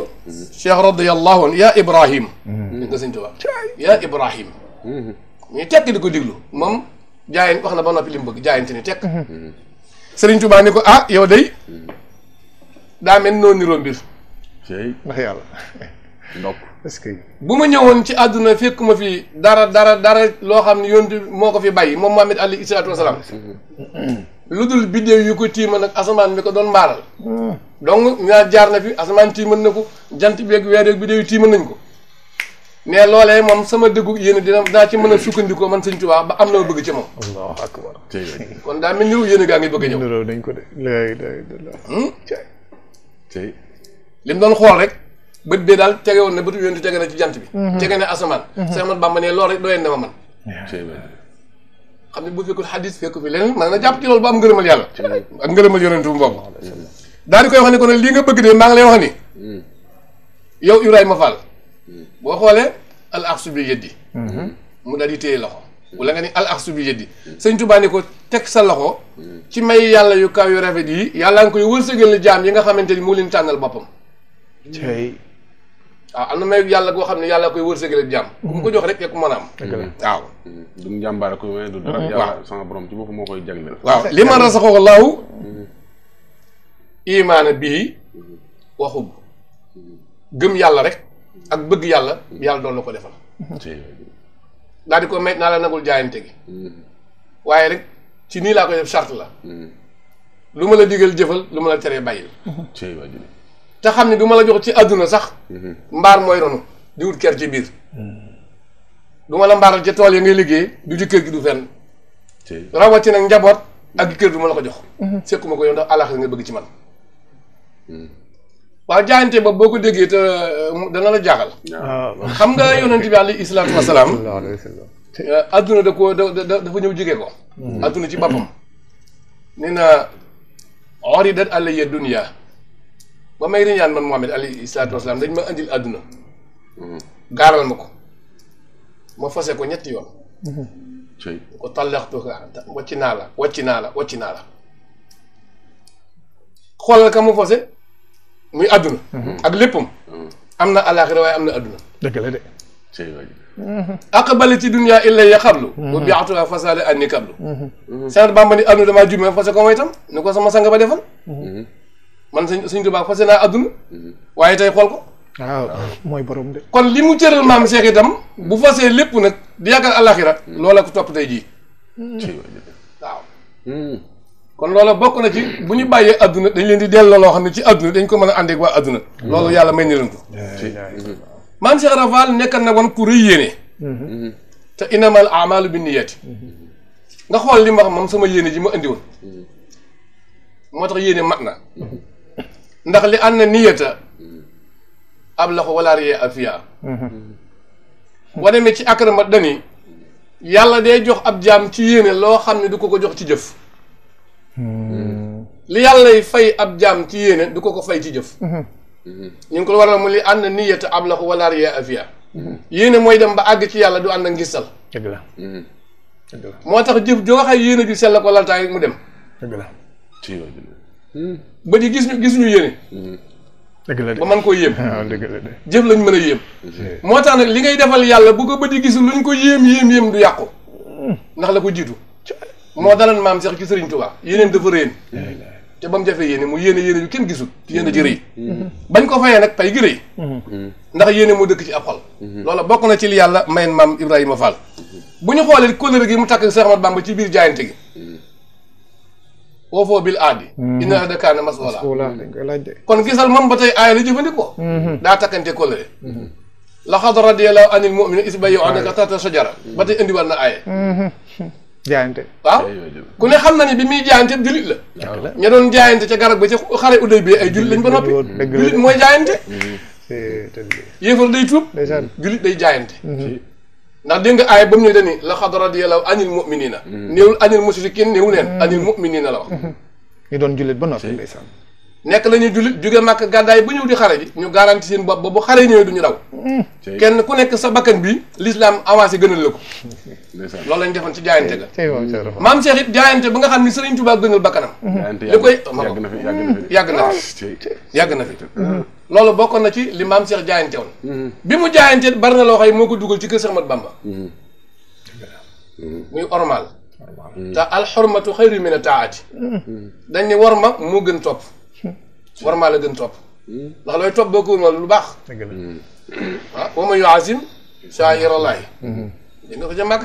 Cheikh radiyallahu anhu yaa Ibrahim dégg mhm. nga Ibrahim ñuy tekk di ko diglu moom jaayen wax na ba noppi li mu bëgg jaayante ni tekk Sëriñ Tuubaa ni ko ah yow day daa mel noonu niroo ndax yàlla. donc est que. bu ma ñëwoon ci àdduna ma fi dara dara dara loo xam ne yontu moo ko fi bàyyi moom Muhammad alayhi salaatu wasalaam. Mm-hmm. lu dul biddéew yu ko tiima nag asamaan bi ko doon mbaaral. Mm. donc ñaar jaar na fi asamaan tiimal na ko jant beeg weer yeeg biddéew yi tiimal nañ ko. mais loolee moom sama dëggu yéen dina daa ci mën a sukkandikoo man sëñ Tuubaa ba am na ma bëgg ci moom. kon daa mel ni yéen gaa ngi bëgg a ñëw. dañ ko de. Hmm? li mu doon xool rek bët bee daal tege woon na bëtu di tege na ci jant bi. Mhm. tege na asamaan. Mhm. Seex Ahmadu Bamba ne loolu rek doyen na man. xam ne bu fekkul xadis fekku fi leneen mën na jàpp ci loolu ba am ngërëmal yàlla. ak ngërëmal yonent bu boobu. daal di koy wax ne ko lii nga bëgg de maa mm. yow Ibrahima Fall. Mm. boo xoolee al axsu bi yeddi. Mhm. mu daal mm. wala nga ni al axsu bi yeddi. sëñ teg sa loxo. ci may yàlla yu kaw yu rafet yi yàlla nga koy wërsëgal jaam yi nga xamante ni mu leen tànnal boppam. tey waaw ah, am na may yàlla goo xam ne yàlla koy wërsëgale jàmm. bu mu ko jox rek yaa ko mën a am. dëgg jàmbaar waaw. du njàmbaar ko may du dara. waaw yàlla sama borom ci boppam moo koy jagleel. li ma rasaxoo laaw. bii waxub yàlla rek ak bëgg yàlla yàlla doon la ko defal. ko may naa la jaayante gi. Mm-hmm. waaye rek ci nii laa koy def charte la. Mm-hmm. lu ma la digal jëfal lu ma la teree bàyyil. te xamni duma la jox ci aduna sax. Mhm. mbar moy ronu di wut ker ci bir mhm. duma la mbar ci tol ya ngay liggéey du ci ker gi du fenn. nak njabot ak ker duma la ko jox. Mhm. sekuma ko yow ndax alaaxira nga bëgg ci man. wa jaayante ba boko ko te euh, da na la jaxal ah. xam nga [LAUGHS] yonnati bi alayhi salaatu wa aduna euh, da ko da dafa ñew jigee ko. aduna ci bapam nina na alayya dunya ba may riñaan man Mohamed alayhi salaatu wasalaam dañ ma indil àdduna gaaral ma ko ma fase ko ñetti yoon ko tallaxtuka wàcc naa la wàcc naa la wàcc naa la xoolal ka mu fase muy àdduna ak léppam am na alaaxira waaye am na àdduna dëgg la de aqbali ci dunia illa ya xablu bu biatuha fasale anni kablu mhm. senet bamba ni àdduna damaa jume fase ko waytam ni ko sama sang ba defal man sëñ sëñ Tuubaa fase naa adduna mm-hmm. waaye tey xool ko ah. mooy borom de kon li mu cëral maam Cheikh tam mm-hmm. bu fasee lépp nag di yàggal alaxira mm-hmm. loola ko topp tey jii waaw kon loola bokk na ci bu ñu bàyyee adduna dañ leen di delloo loo xam ne ci adduna dañ ko mën a àndeek waa adduna loolu yàlla may ni leen ko maam Cheikh Rafal nekkal na woon ku rëy te inamal amalu bi niyati nga xool li ma wax moom sama yéene ji ma indi woon moo tax yéene mat na ndax li ànd na niyata ab la ko wala riyee afiya mhm. wane ci akrama dani yàlla day jox ab jaam ci yéene loo xam ne du ko ko jox ci jëf hmm. li yàlla yàllay fay ab jaam ci yéene du ko ko fay ci jëf mhm. ñu ngi ko waral mu li ànd niyata ab la ko wala riyee afiya mhm. yéene mooy dem ba àgg ci yàlla du ànd ak ngistal dëgg moo tax jëf joo waxee yéene ju sell ko laltaay mu dem ba ji gis ñu gis ñu yéene. dëgg la de ba koo yéem. waaw [LAUGHS] ah, dëgg jëf lañ mën a yéem. moo tax nag li ngay defal yàlla bu ko ba di gis luñ ko yéem yéem yéem du yàqu. Mm. ndax la ko jiitu. moo dalan maam Cheikh ci Serigne Touba yéeneen dafa réen. te ba mu jafee yéene mu yéene yéene yu kenn gisul ci mm-hmm. yéene ji rëy mm-hmm. bañ ko fayee nag pay gi rëy mm-hmm. ndax yéene moo dëkk ci ab xol loola bokk na ci li yàlla mayen maam Ibrahima Fall bu ñu xoolee kóllëre gi mu takk Cheikh Ahmad Bamba ci biir jaayante gi woofoo bil aadi. Mhm. inna aada kaana masuula. dañ koy laaj de. kon gisal moom ba tey aaya la jëfandikoo. Mhm. daa takkante kóllëre. Mhm. laqad radiyallaahu anil mu'miniina iz bayyi'uunaka tahta shajara. ba tey indiwaat na aaya. jaayante. waaw ku ne xam na ne bi muy jaayante jullit la. ña doon jaayante ca garab ba ca xare Uday bi ay jullit lañ ba noppi. jullit mooy jaayante. yéefar day tuub. jullit day jaayante. ndax dégg nga aay ba mu ñëw dani la xad radiyallahu anil mu'minina hmm. néewul anil musrikin néewu leen hmm. anil mu'minina la wax hmm. ñu doon jullit ba noppi ndeysaan nekk la ñuy jullit jóge màkk gàddaay ba ñëw di xare ji ñu garanti seen bopp ba bu xare ñëwee du ñu daw kenn ku nekk sa bakkan bi l'islam avancé gënal la ko loolu lañ defoon ci jaayante ga maam Cheikh it jaayante ba nga xam ni Serigne Touba gënal bakkanam li koy yàgg na yàgg na fi yàgg na fi loolu bokkoon na ci li maam Cheikh jaayante woon. Mm-hmm. bi mu jaayante bari na loo yi moo ko dugal ci kër Cheikh Ahmadou Bamba. Mm-hmm. Mm-hmm. muy ormal. te alxormatu xayru min taati. dañ ne warma moo gën topp. warma la gën topp. ndax looy topp boo ko lu baax. dëgg la ah wa ma yuasim shaa'irallaahi. dégg nga ko ca màgg.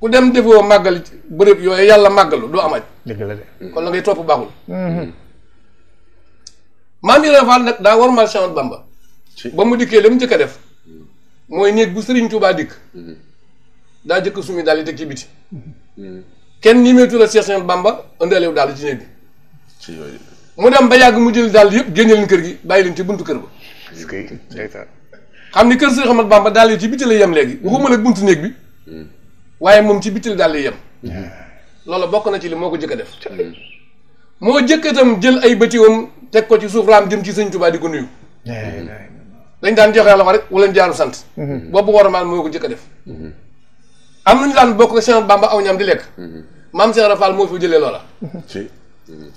ku dem defoo màggal bërëb yooyu yàlla màggalu doo amaj. dëgg la de kon la ngay topp baaxul. maam Ibra Fall nag daa war mal Cheikh Ahmadou ba mu dikkee la mu njëkk def mooy néeg bu Serigne Touba dikk mm-hmm. daa jëkk sumi daal yi teg ci biti mm-hmm. kenn ñi meetu la Cheikh Ahmadou Bamba ëndalewu daal ci néeg bi mu dem ba yàgg mu jël daal yëpp génne leen kër gi bàyyi leen ci buntu kër ba xam ni kër Serigne Ahmadou Bamba daal yi ci biti la yem léegi waxuma nag buntu néeg bi mm-hmm. waaye moom ci bitti la daal di yem loolu bokk na ci li moo ko jëkk a def moo jëkk itam jël ay bëtiwam teg ko ci suuf raam jëm ci sëñ Tuubaa di ku nuyu. dañ daan joxe la rek wala ñu jaaru sant. boobu war a maal moo ko jëkk a def. am nañu daan bokk Cheikh Bamba aw ñam di lekk. maam Cheikh Rafal moo fi jëlee loola.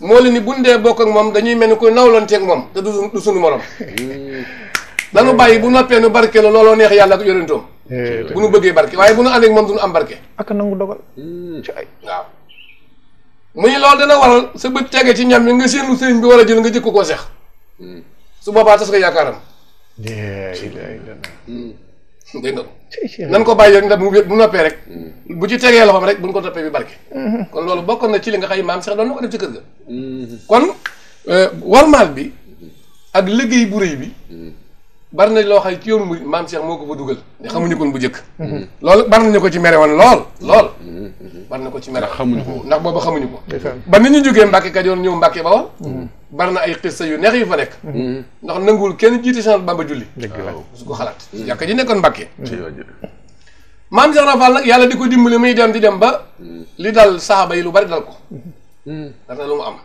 moo li ni buñ dee bokk ak moom dañuy mel ni koy nawlanteeg moom da du du suñu morom. bàyyi bu noppee nu barke la looloo neex yàlla ak yorentoom. Eh. bu nu bëggee barke waaye bu nu ànd ak moom du nu am barke. ak nangu dogal ci waaw. mu ni loolu dana waral sa bët tege ci ñam yi nga séenu sëriñ bi war a jël nga jëkk ko seex su boobaa tas nga yaakaaram hmm. dégg nga nan ko bàyyi rek ndax mu wér bu noppee rek hmm. bu ci tegee loxoom rek bu buñ ko toppee bi barke hmm. kon loolu bokkoon na ci li nga xay maam sax doon na ko def ci kër ga kon euh, warmaal bi ak liggéey bu réy bi bari nañ loo xay ci yoon muy mam cheikh moko fa duggal ne mm-hmm. xamuñu kon bu jëkk mm-hmm. loolu bari nañu ko ci méré won lool mm-hmm. lool bari na ko ci méré xamuñu ko ndax bobu xamuñu ko ba ni ñu joggé jógee mbàkke kajoor ñëw mbàkke bawal bari na ay xissa yu neex yu fa nek ndax nangul kenn jiti chanel bamba julli su ko xalat yàkk ji nekkon mbacké mam cheikh rafal nak yalla diko dimbali muy dem di dem ba li dal sahaba yi lu bari dal ko na lu mu am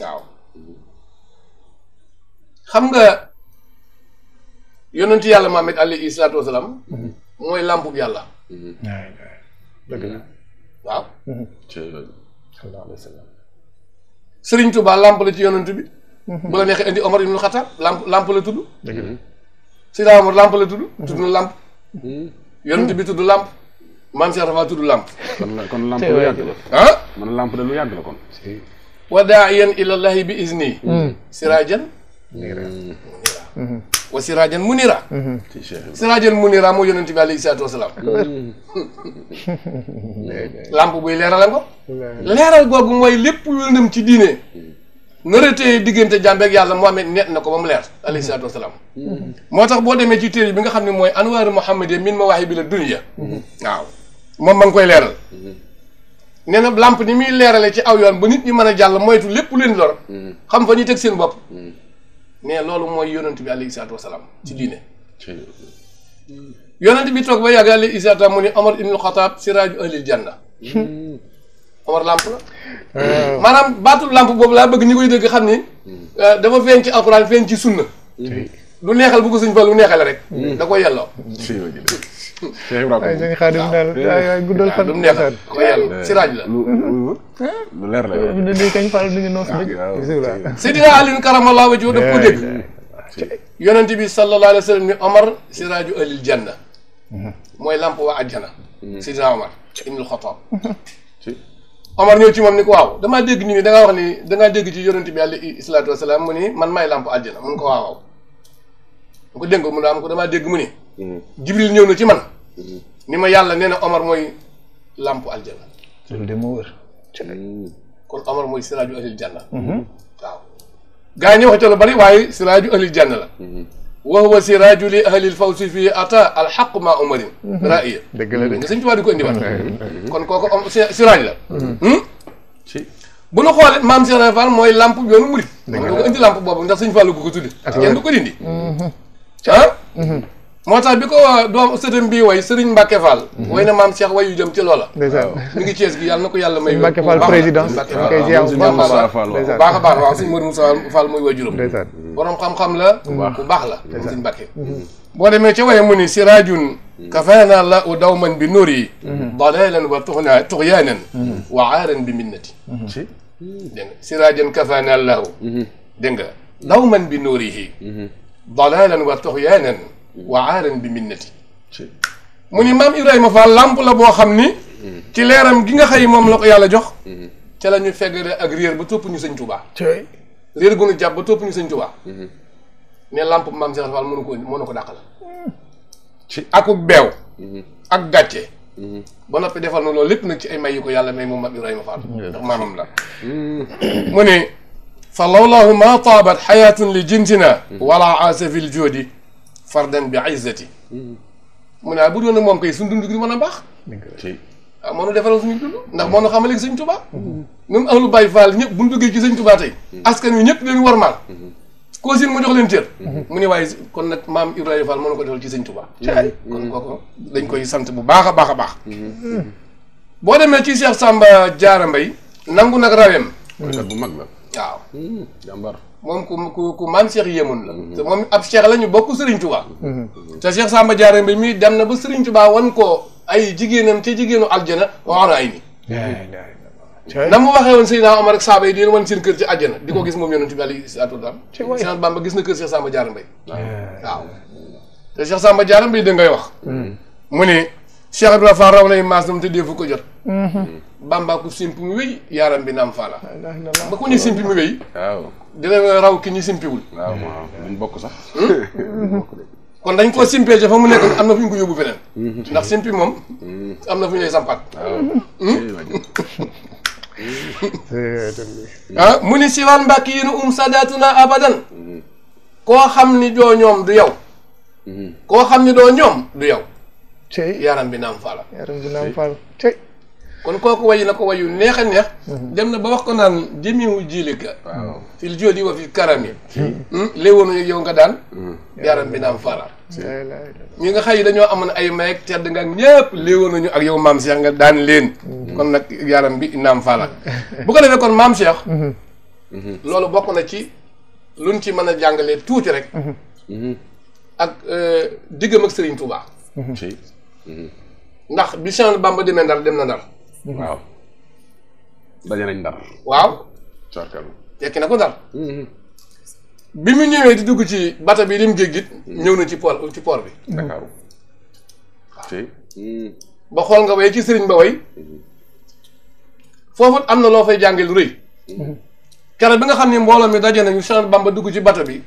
waaw xam nga yonent yàlla Muhammad a salaatu wasalaam mooy làmpub yàlla. dëgg la waaw. Sëriñ Tuubaa làmp la ci yonent bi. bu la neexee indi Omar ibnu Xattaab làmp làmp la tudd. dëgg la Sida Omar làmp la tudd. tudd na làmp. yonent bi tudd làmp. maam Cheikh Rafa tudd làmp. làmp lu yàgg man làmp de lu yàgg la kon. wa daa'iyan ilallahi bi izni. Hmm. siraajan. wa siraajan munira mhm. siraajan munira moo yonent bi alayhi salaatu wasalaam làmp [LAUGHS] buy leeralal ko leeral googu mooy lépp lëndëm ci diine mm. nëratee diggante jàmbeeg yàlla Muhammad net na ko ba mu leer alayhi salaatu mm. moo tax boo demee ci bi nga xam ne mooy anwaaru Muhammad yi min mawaahibi la dunya mm. waaw moom ma koy leeral nee làmp ni muy leerale ci aw yoon ba nit ñi mën a jàll moytu lépp leen lor xam fa ñuy teg seen bopp mais loolu mooy yonent bi alayhi salaatu wasalaam ci diine yonent bi toog ba yàgg alayhi salaatu mu ni Omar ibnul Xataab siraaju ahlil janna Omar lamp la maanaam baatu lamp boobu laa bëgg ñi koy dëgg xam ni euh, dafa feeñ ci alxuraan feeñ ci sunna lu neexal bu ko fa lu neexale rek da koy yelloo Cheikh Ibrahima waaye sëñ Xaadim daal waaye guddal fan. lu neex ko yàlla siraaj la. lu dégg. yonent bi sallallahu alayhi wa sallam ni Omar siraaju alil janna. Mm-hmm. mooy lamp waa àjjana. Mm-hmm. Seydina Omar ibnul Xattaab. [LAUGHS] Omar ñëw ci moom ni ko waaw damaa dégg ñu ni da ngaa wax ni da dégg ci yonent bi alayhi salaatu wa salaam mu ni man may lamp àjjana mun ko waaw waaw. mu ko dégg mu ne am ni. Mm-hmm. Jibril ñëw na ci man. ni ma yàlla nee na Omar mooy làmpu aljana. loolu de kon Omar mooy siraaju ahlil janna. Mhm. waaw gaa ñi wax bari waaye siraaju ahlil la. Mhm. wa huwa siraaju li ahlil fawsi fii ata alxaqu ma omarin. Mhm. raaya nga sëñ Tuubaa di ko indiwaat. kon kooku siraaj la. Hmm? si bu ñu xoolee maam Cheikh Fall mooy làmp yoonu murit. dëgg la ko indi boobu ndax sëñ Fallu ko ko tuddi. ak kenn du ko dindi. ah. موتا بكو دوم ستم بي واي سيرين باكيفال واي نام شيخ واي يوجم تي لولا ميغي تشيس كي يال نكو يالا ماي باكيفال بريزيدان كاي جي ام باكيفال باخ باخ واخ سي مورو مصال فال موي واجورم بروم خام خام لا كو باخ لا سيرين باكي بو ديمي تي واي موني سراجون كفانا لا دوما بنوري ضلالا وطغيانا طغيانا وعارا بمنتي سراجا كفانا الله دنگا دوما بنوره ضلالا وطغيانا wa aaran bi minnati mu ni maam Ibrahima Fall làmp la boo xam ni ci leeram gi nga xëy moom la ko yàlla jox ca la ñu feggale ak réer ba topp ñu sëñ Tuubaa réer gu nu jàpp ba topp ñu sëñ Tuubaa ne làmp maam Cheikh Fall mënu ko mënu ko dàqal ci akuk beew ak gàcce ba noppi defal na loolu lépp nag ci ay may yu ko yàlla may moom maam Ibrahima Fall ndax maamam la mu ne fa lawlahu ma taabat xayaatun li jinsina wala aasa fi l joodi fardan bi ay izzati mu ne ah, bu doon moom kay suñ dund gi mën a baax waaw ah, moo nu defaral suñu dund ndax moo nu xamal léegi sëñ Tuubaa même ahlu Baay Faal ñëpp buñ duggee ci sëñ Tuubaa tey askan wi ñëpp leen warmaal koo sin mu jox leen cër mu ne waaye kon nag maam Ibrahima Fall moo nu ko defal ci sëñ Tuubaa kon kooku dañ koy sant bu baax a baax a baax boo demee ci Cheikh Samba Diarra Mbaye nangu nag raweem bu mag la waaw jàmbar moom ku ku ku maam Cheikh yéemoon la. Mhm. moom ab Cheikh la ñu bokk Serigne Touba. Mhm. te Cheikh Samba Diarra bi muy dem na ba Serigne Touba wan ko ay jigéenam ca jigéenu aljana waxoon ay ni. na mu waxee woon Seydina Omar ak saaba yi di leen wan seen kër ci àjjana di ko gis moom yonent bi alayhi salaatu wa salaam Cheikh Bamba gis na kër Cheikh Samba Diarra Mbaye waaw wax mhm. mu ne Cheikh Abdoulaye Fall raw nay maas dam te dee fu ko jot Bamba ku simp mu wéy yaaram bi naam faala ba ku ñu simp mu dina raw ki ñu simpiwul. waaw bokk sax. Hmm? [LAUGHS] kon dañ koo simpee ca fa mu nekk am na fu ñu ko yóbbu feneen. Hmm. ndax simpi moom. Hmm. am na fu ñu lay sampaat. [LAUGHS] ah mu ni siwaan mbàkk yi nu um sadatuna abadan koo xam ni doo ñoom du yow koo xam ni doo ñoom du yow yaram bi naam faala yaram bi naam faala kon kooku wayu na ko wayu neex a neex mhm. dem na ba wax ko naan jëmiwu jiilika waaw fil joodi wa fil karami hmm? lée woonu yow nga daan hmm. yaram bi naam fara ñi nga xay yi dañoo amoon ay mayek tedd nga ñëpp léewoon nañu ak yow maam Cheikh nga daan leen hmm. kon nag yaram bi naam fara bu ko defee kon maam Cheikh loolu bokk na ci luñ ci mën a jàngalee tuuti rek ak euh, diggam ak Serigne Touba ndax bi Cheikh Bamba demee Ndar dem na Ndar waaw. daje nañ ndar. waaw. coorkal tekki na ko ndar. Mm-hmm. bi mu ñëwee di dugg ci bata bi lim géej mm-hmm. ñëw na ci port ci port bi. Dakar waaw. Mm. ba xool nga way ci sëriñ ba way mm-hmm. foofu am na loo fay jàngee lu rëy. keroog bi nga xam ni mbooloo mi daje nañu Cheikh Bamba dugg ci bata bi.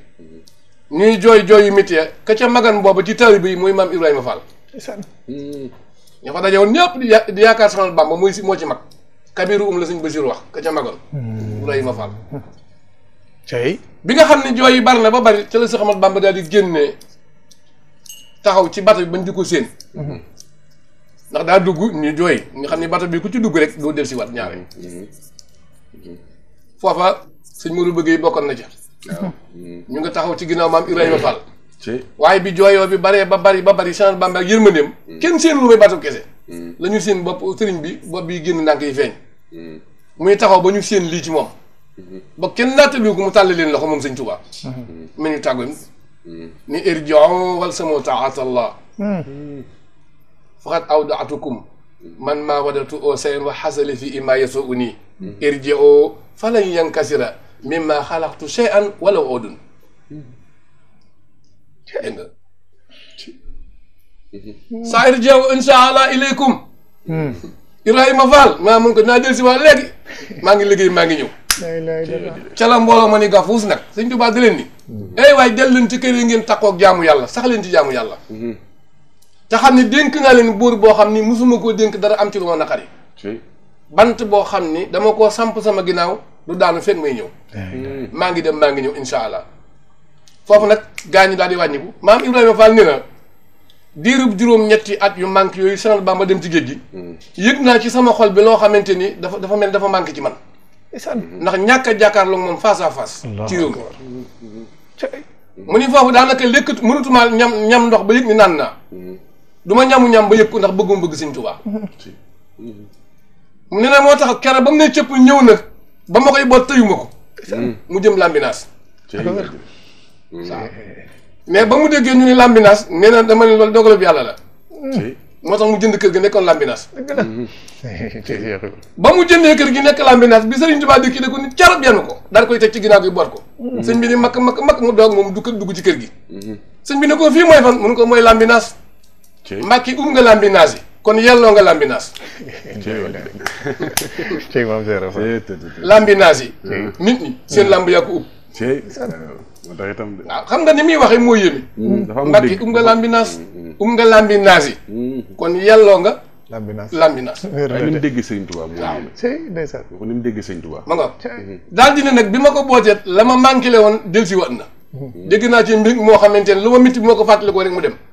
ñuy jooy jooy yu métier ka ca magan boobu ci taalibe bi muy maam Ibrahima Fall. ña fa dajé won ñepp di yaakar sonal bamba moy mo ci mag kabiru um la seigne basir wax ka ca hmm. magal ma fal tay bi nga xamni joy bar na ba bari ci la xamal bamba dal di genné taxaw ci bata bi bañ diko seen hmm. ndax da dugg ñu joy nga xamni bata bi ku ci dugg rek do del ci wat ñaar hmm. fofa seigne modou beugé bokon na ca ñu nga taxaw ci ginaaw mam ibrahima fall waaye bi jooyoo bi baree ba bari ba bari change bamba ak yërmandeem mm. kenn seen lu may baatu kese mm. la ñu seen bopp sëriñ bi bopp bi génn ndànk yi feeñ mm. muy taxaw ba ñu seen lii ci moom mm-hmm. ba kenn naatabi mu tàll leen loxo moom sëñ Tuubaa ma mm-hmm. ñu tàggoon mm-hmm. ni irjiu wal sama taat allah awdaatukum man maa wadatu oo sayn wa xasali fi ima yasoo unii irjiu falan yankasira mimma xalaqtu shay'an walaw odun Ende. Saïd Insya allah ilaykum. Hmm. Ibrahima Fall maa mun ko naa jël si legi. Mangi maa ngi liggéey maa ngi ñëw. ca la mbooloo ma ni gafuus nag sëñ di leen ni. ay waay del leen ci kër yi ngeen takkook jaamu Yalla. sax leen ci jaamu yàlla. te xam ne dénk naa leen buur ni musuma koo dénk dara am ci lu ma naqari. bant boo xam ni dama koo samp sama ginnaaw du daanu fekk may ñëw. maa dem maa allah fofu nak gañu daal di wàññiku maam Ibrahima Fall nee na diirub juróom ñetti at yu mank yoy Sénégal Bamba dem ci geejgi hmm. yek na ci sama xol bi lo xamanteni dafa dafa mel dafa mank ci man. Hmm. ndax ñaaka a lu mom face à face. ci réew mu ni foofu daanaka lékkatu mënutuma ñam ñam ndox ba yek ni nan na hmm. duma ñamu ñam ba yek ko ndax bëggum bëgg Sëñ touba mu ne na moo tax keroog ba mu ne cëpp ñew na ba koy boot ko. mu jëm lambinas waaw mmh. eh. mais ba mu déggee ñu ni lambinaas nee na dama ne loolu dogalu bi yàlla la. Mmh. moo tax mu jënd kër gi nekkoon lambinaas. dëgg mmh. [LAUGHS] ba mu jëndee kër gi nekk lambinaas bi Serigne Touba di kii da ko nit carab yenn ko. daal koy teg ci ginnaaw gi boot ko. sëñ bi ni makk makk makk mu doog moom du dugg ci kër gi. sëñ bi ne ko fii mooy fan mun ko mooy lambinaas. mbàkki um nga lambinaas yi. kon yelloo nga lambinaas. [LAUGHS] lambinaas yi. nit ñi seen hmm. lamb yaa ko ub. moo itam waaw xam nga ni muy waxee moo yéeme. Hmm, dafa am um nga lambinaas. Hmm, hmm, um nga lambinaas yi. kon yelloo nga. lambinaas lambinaas. [LAUGHS] waaye ni mu déggee sëñ Tuubaa moo yéeme. mu déggee sëñ Tuubaa. ma nga daal di nag bi ma ko bootee la ma manqué woon dellusi waat na. dégg naa ci mbir moo xamante ne lu ma mitti moo ko fàttalikoo rek mu dem. [LAUGHS]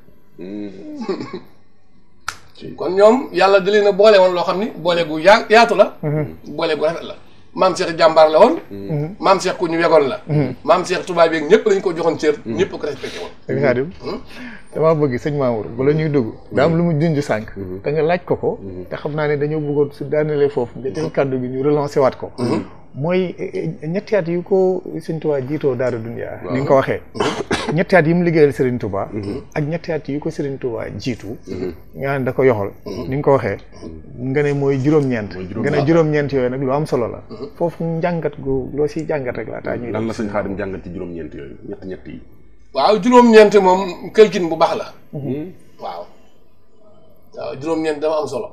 kon ñoom yàlla da na boole woon loo xam ni boole gu yaa yaatu la. boole gu rafet la. maam Cheikh jàmbaar la woon. Mm-hmm. maam Cheikh ku ñu wegoon la. Mm-hmm. maam Cheikh tubaab yeeg ñëpp lañ ko joxoon cër. Mm-hmm. ñëpp ko respecté woon. sëñ Xaadim damaa bëgg sëñ Mamour bala ñuy dugg. daa lu mu junj sànq. da nga laaj ko ko. te xam naa ne dañoo bëggoon su daanelee foofu nga jël kàddu gi ñu relancé waat ko. moy eh, eh, ñetti at yu ko serigne touba jito Daaru Dunya ni nga waxe mhm. ñetti at yi mu liggéeyal Sëriñ Tuubaa mhm. ak ñetti at yu ko serigne touba jitu mhm. nga ne da ko yoxol ni nga waxe nga ne moy juróom ñent nga ne juróom ñent yoy nak lu am solo la fofu jangat gu lo ci jangat rek la ta ñuy lan la serigne khadim jangat ci juróom ñent yoy ñet ñet yi waaw juróom-ñeent moom këlkin bu bax la waaw waaw juróom-ñeent dama am solo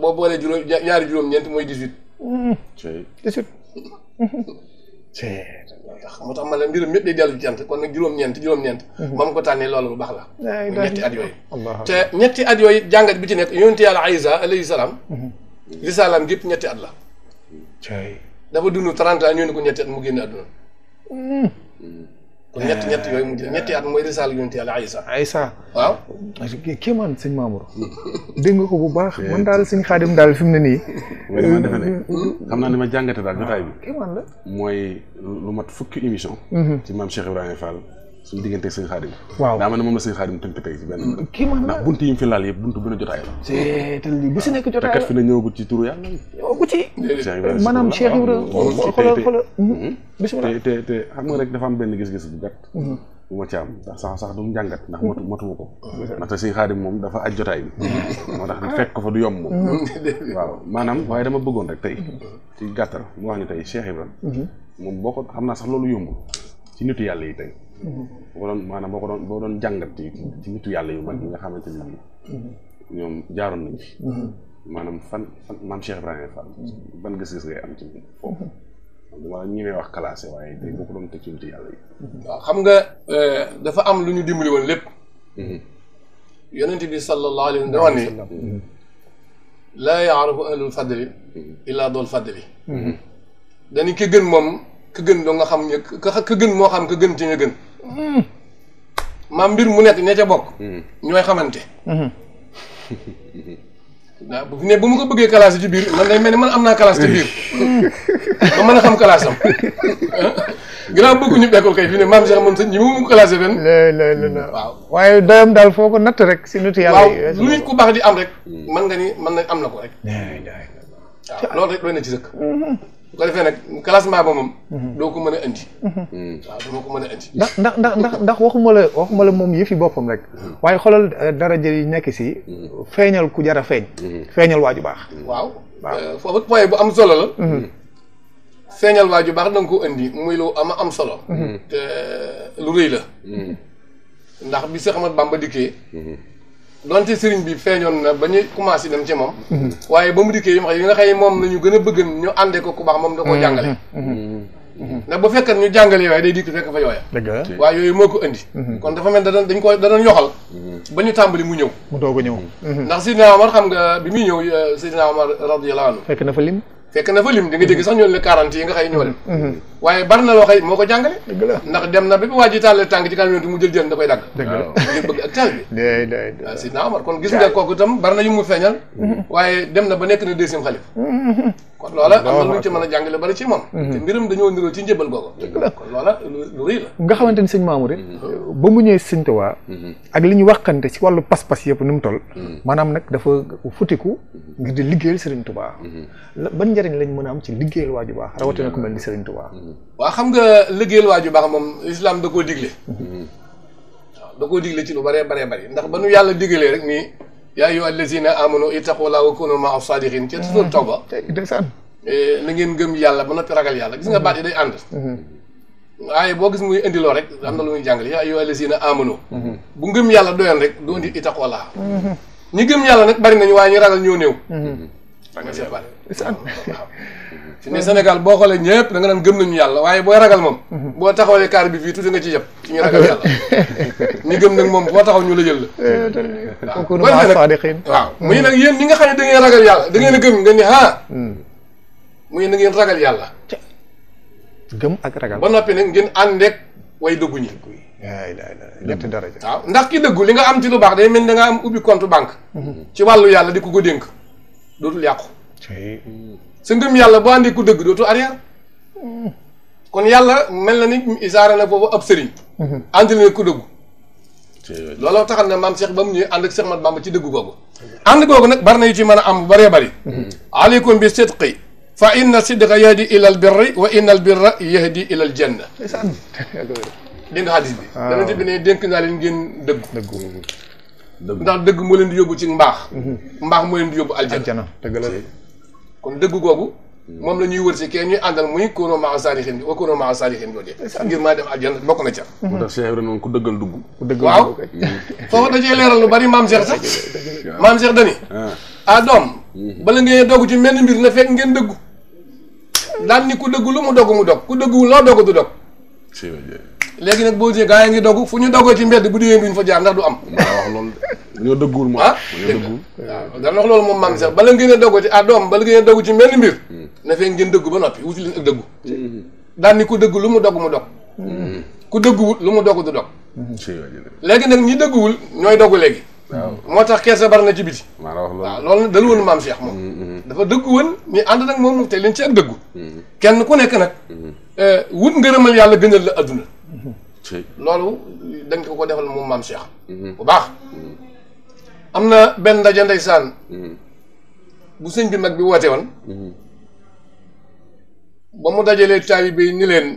boo boolee juróom ñaari juróom-ñeent mooy dix-huit dix-huit moo tax ma la mbiram yëpp day dellu ci jant kon nag juróom-ñeent juróom-ñeent ba mhm. ko tànnee loolu bu baax la ñetti at yooyu te ñetti at yooyu jàngat bi ci nekk yonent yàlla Isa alayhi salaam mhm. risalaam gépp ñetti at la dafa dund 30 ans ñu ne ko ñetti at mu génn àdduna mhm. mm. kon ñetti eh. ñetti yooyu mujj ñetti at mooy risaal yonent yàlla Isa. Isa waaw. kii man sëñ Mamour. [LAUGHS] dégg nga ko bu baax. Eh. man daal sëñ Xaadim daal fi mu ne nii. [LAUGHS] Eh. Hmm? xam naa ni ma jàngate daal jotaay bi. kii man la. mooy lu mat fukki émission. Hmm. ci maam Cheikh Ibrahima Fall. suñu diggante sëñ Xaadim waaw daa mel ne moom la sëñ Xaadim ndax bunt yi mu fi laal yëpp buntu bu bu si nekk jotaay la kat fi na ñëwagut ci turu yàlla ñëwagu ci maanaam Cheikh Ibrahima xoolal xoolal hmm? bisimilah te xam nga rek dafa am benn gis-gis bu gàtt hmm. bu ma ci am sax sax du njàngat ndax matu hmm. matuma ko ndaxte sëñ Xaadim moom dafa aj jotaay bi moo tax fekk ko fa du yomb moom waaw maanaam waaye dama bëggoon rek tey ci gàttal mu wax ni tey Cheikh Ibrahima moom boo ko xam naa sax loolu yomb ci nitu yàlla yi tey boo doon maanaam boo ko doon boo doon jàngat ci nitu yàlla yu mag yi nga xamante ne bii ñoom jaaroon nañ fi maanaam fan fan maam Cheikh Ibrahima Fall ban gis-gis ngay am ci foofu wala wax classé waaye tey boo xam nga eh, dafa am lu ñu dimbali woon lépp yonent bi sallallahu alayhi wa sallam laa yaarafu ahlul fadli illaa dool fadli dañu ki gën moom ki gën doo nga xam ka gën moo xam ka gën ci nga gën maam mbir mu nekk ña ca bokk. Hmm. ñooy xamante. Hmm. [LAUGHS] waaw bu bu ma ko bëggee classé ci biir man day mel ni man am naa classe ci hmm. [LAUGHS] a xam classe am ginnaaw [LAUGHS] bëgguñu bekkul kay fii ne maam Cheikh foo natt rek si nuti di am man nga ni man na am na ko rek. loolu rek doy na ci sëkk. bu ko defee nag classement ba moom. Mhm. doo ko mën a indi. Mhm. Hmm. waaw doo ko mën a indi. ndax ndax ndax ndax waxuma la waxuma la moom yëfi boppam rek. Hmm. waaye xoolal euh, daraja yi nekk si. Hmm. feeñal ku jar a feeñ. feeñal waaju baax. waaw euh, foofu point bu am solo la. feeñal waaju baax da nga ko indi muy lu am am solo. te lu rëy la. ndax bi Seex Ahmadu Bamba dikkee. donte sëriñ bi feeñoon na ba ñu commencé dem ci moom. Mhm. waaye ba mu dikkee yi nga xam ne moom la ñu gën a bëgg ñu àndee ko ku moom da koo mhm. jàngale. Mhm. ndax bu fekkee ñu jàngalee waaye day dikk fekk fa yooya. dëgg waaye yooyu moo ko indi. kon dafa mel ne dañ ko da doon yoxal. ba ñu tàmbali mu ñëw. mu doog a ñëw. ndax Sidina Omar xam nga bi muy ñëw euh, Sidina Omar radiyallahu anhu fekk na fa lim. fekk na fa lim di nga dégg sax ñoo la quarante yi nga xëy ñoo dem waaye bari na loo xëy moo ko jàngale ndax dem na ba waa ji tàlle tànk ci kanam yonent mu jël jën da koy dagg ngir bëgg ak taal bi si [LAUGHS] Sidna Omar kon gis nga kooku itam bari na yu mu feeñal mm-hmm. waaye dem na ba nekk na deuxième xalif mm-hmm. kon loola am na lu ci mën a jàngale bari ci moom mhm. te mbirum dañoo niroo ci njëbal googu ko loola lu rëy la nga xamante ni sëñ Mamour mhm. ba mu ñëwee sëñ Tuubaa mhm. ak li ñu waxante si wàllu pas-pas yëpp ni mu toll maanaam nag dafa futiku ngir di liggéeyal sëriñ Tuubaa ban njariñ lañ mën am ci liggéeyal waaju baax rawatina ku mel ni sëriñ waa xam nga liggéeyal waaju baax moom islam da koo digle waaw da koo digle ci lu bëree baree bëri ndax ba nu yàlla digalee rek nii yaa ayyuha allazina amanu ittaqullaha wa kunu maa sadiqin ca sunu tawba ndeysaan eh, na ngeen gëm yàlla a noppi ragal yàlla gis nga baat yi day ànd mm-hmm. waaye boo gis muy indiloo rek am na lu muy jàngale yaa ayyuha allazina amanu mm-hmm. bu ngëm yàlla doyoon rek du indi ittaqullaha mm-hmm. ñi gëm yàlla nag bari nañu waaye ñu ragal ñoo néew ragal yàlla ndeysaan fi ne Sénégal boo xoolee da nga naan gëm nañu yàlla waaye booy ragal moom mhm. boo taxawalee kaar bi fii tuuti nga ci yëpp ci ñu ragal yàlla [LAUGHS] ñi gëm nag moom boo taxaw ñu la jël la waaw mm. muy nag yéen ñi nga xam da ngeen ragal yàlla da ngeen a gëm nga ne ah muy na ngeen ragal yàlla gëm ak ragal ba noppi nag ngeen àndeek way dëggu ñi ñetti dara ndax ki li nga am ci lu baax day mel da mm-hmm. di ko ko dootul yàqu. sa ngëm yàlla boo àndee ku dëgg dootul arrière. kon yàlla mel na ni isaare na boobu ab sëriñ. Mm-hmm. àndil na ku dëgg. looloo taxal ne maam Cheikh ba mu ñëwee ànd ak Cheikh Bamba ci dëgg googu. ànd googu nag bari na yu ci mën a am bëree bari mm-hmm. aleykum bi sidqi fa inna sidqa yahdi ila al wa inna al birra yahdi ila al janna. dégg nga xadis bi. waaw ah. dana ne denk naa leen ngeen dëgg. dëgg ndax dëgg moo leen di yóbbu ci mbaax. Mhm. mbaax moo leen di yóbbu aljana. dëgg la kon dëgg googu. Mhm. moom la ñuy wër si kee ñuy àndal muy kóoróo maa saalixiin wa kóoróo maa saalixiin jooje ngir maa dem aljana bokk na ca. mu mhm. tax Cheikh ku dëggal dugg. ku dëggal waaw [LAUGHS] foofu da cee leeral lu bari maam Cheikh sax maam Cheikh dani ah, ah doom. bala ngeen doog ci menn mbir na fekk ngeen dëggu daan ni ku dëgg lu mu dogg mu dog ku dëggu loo dogg du dog. léegi nag boo jiyee gaa yi ngi dogu fu ñu dogoo ci mbedd bu déwén duñ fa jaar ndax du am. waaw wax loolu de dañoo dëggul moom. ah dëgg loolu moom maam sax bala ngeen a dogu ci ah, doom bala ngeen a ci mel ni mbir. Hmm. na fee ngeen dëgg ba noppi wuti leen ak dëggu. Hmm. daan ni lu mu dog mu dog. Hmm. ku dëgguwul lu mu dog du dog. léegi nag ñi dëgguwul ñooy dogu léegi. moo tax kees bar na ci biti. waaw loolu nag dal woon maam Cheikh moom. dafa dëggu woon ñu ànd nag moom te leen ci ak dëggu. kenn ku nekk nag. Eh, wut ngërëmal yàlla gënal la adduna loolu danga ko ko defal moom maam seex mhm. bu baax. Mhm. am na benn ndaje ndeysaan. Mhm. bu sëñ bi mag bi woote woon. ba mu dajalee taalibe yi ni leen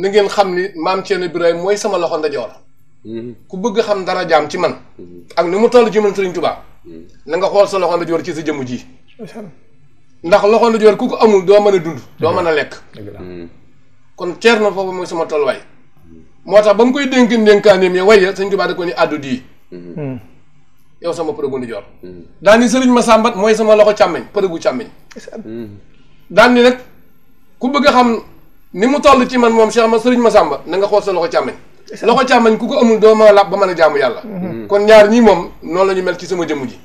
ni ngeen xam ni maam Thierno Birahim mooy sama loxo ndajoor. ku bëgg xam dara jaam ci man. ak ni mu toll ci man Sëriñ Tuubaa. na nga xool sa loxo ndajoor ci sa jëmm ji. ndax loxo ndajoor ku ko amul doo mën a dund. doo mën a lekk. kon na foofu mooy sama tolluwaay moo tax ba mu koy dénk ndénkaaneem ya waya sëñ Tuubaa da ko ni àddu dii hmm. yow sama përë gu ndijoor hmm. daan sëriñ ma sàmbat mooy sama loxo càmmeñ përë gu hmm. daan ni nag ku bëgg a xam ni mu toll ci man moom Cheikh ma sëriñ ma sàmba na nga xool sa loxo càmmeñ loxo càmmañ ku ko amul doo ma làpp ba mën a jàmm yàlla kon ñaar ñii moom noonu la ñu mel ci sama jëmm ji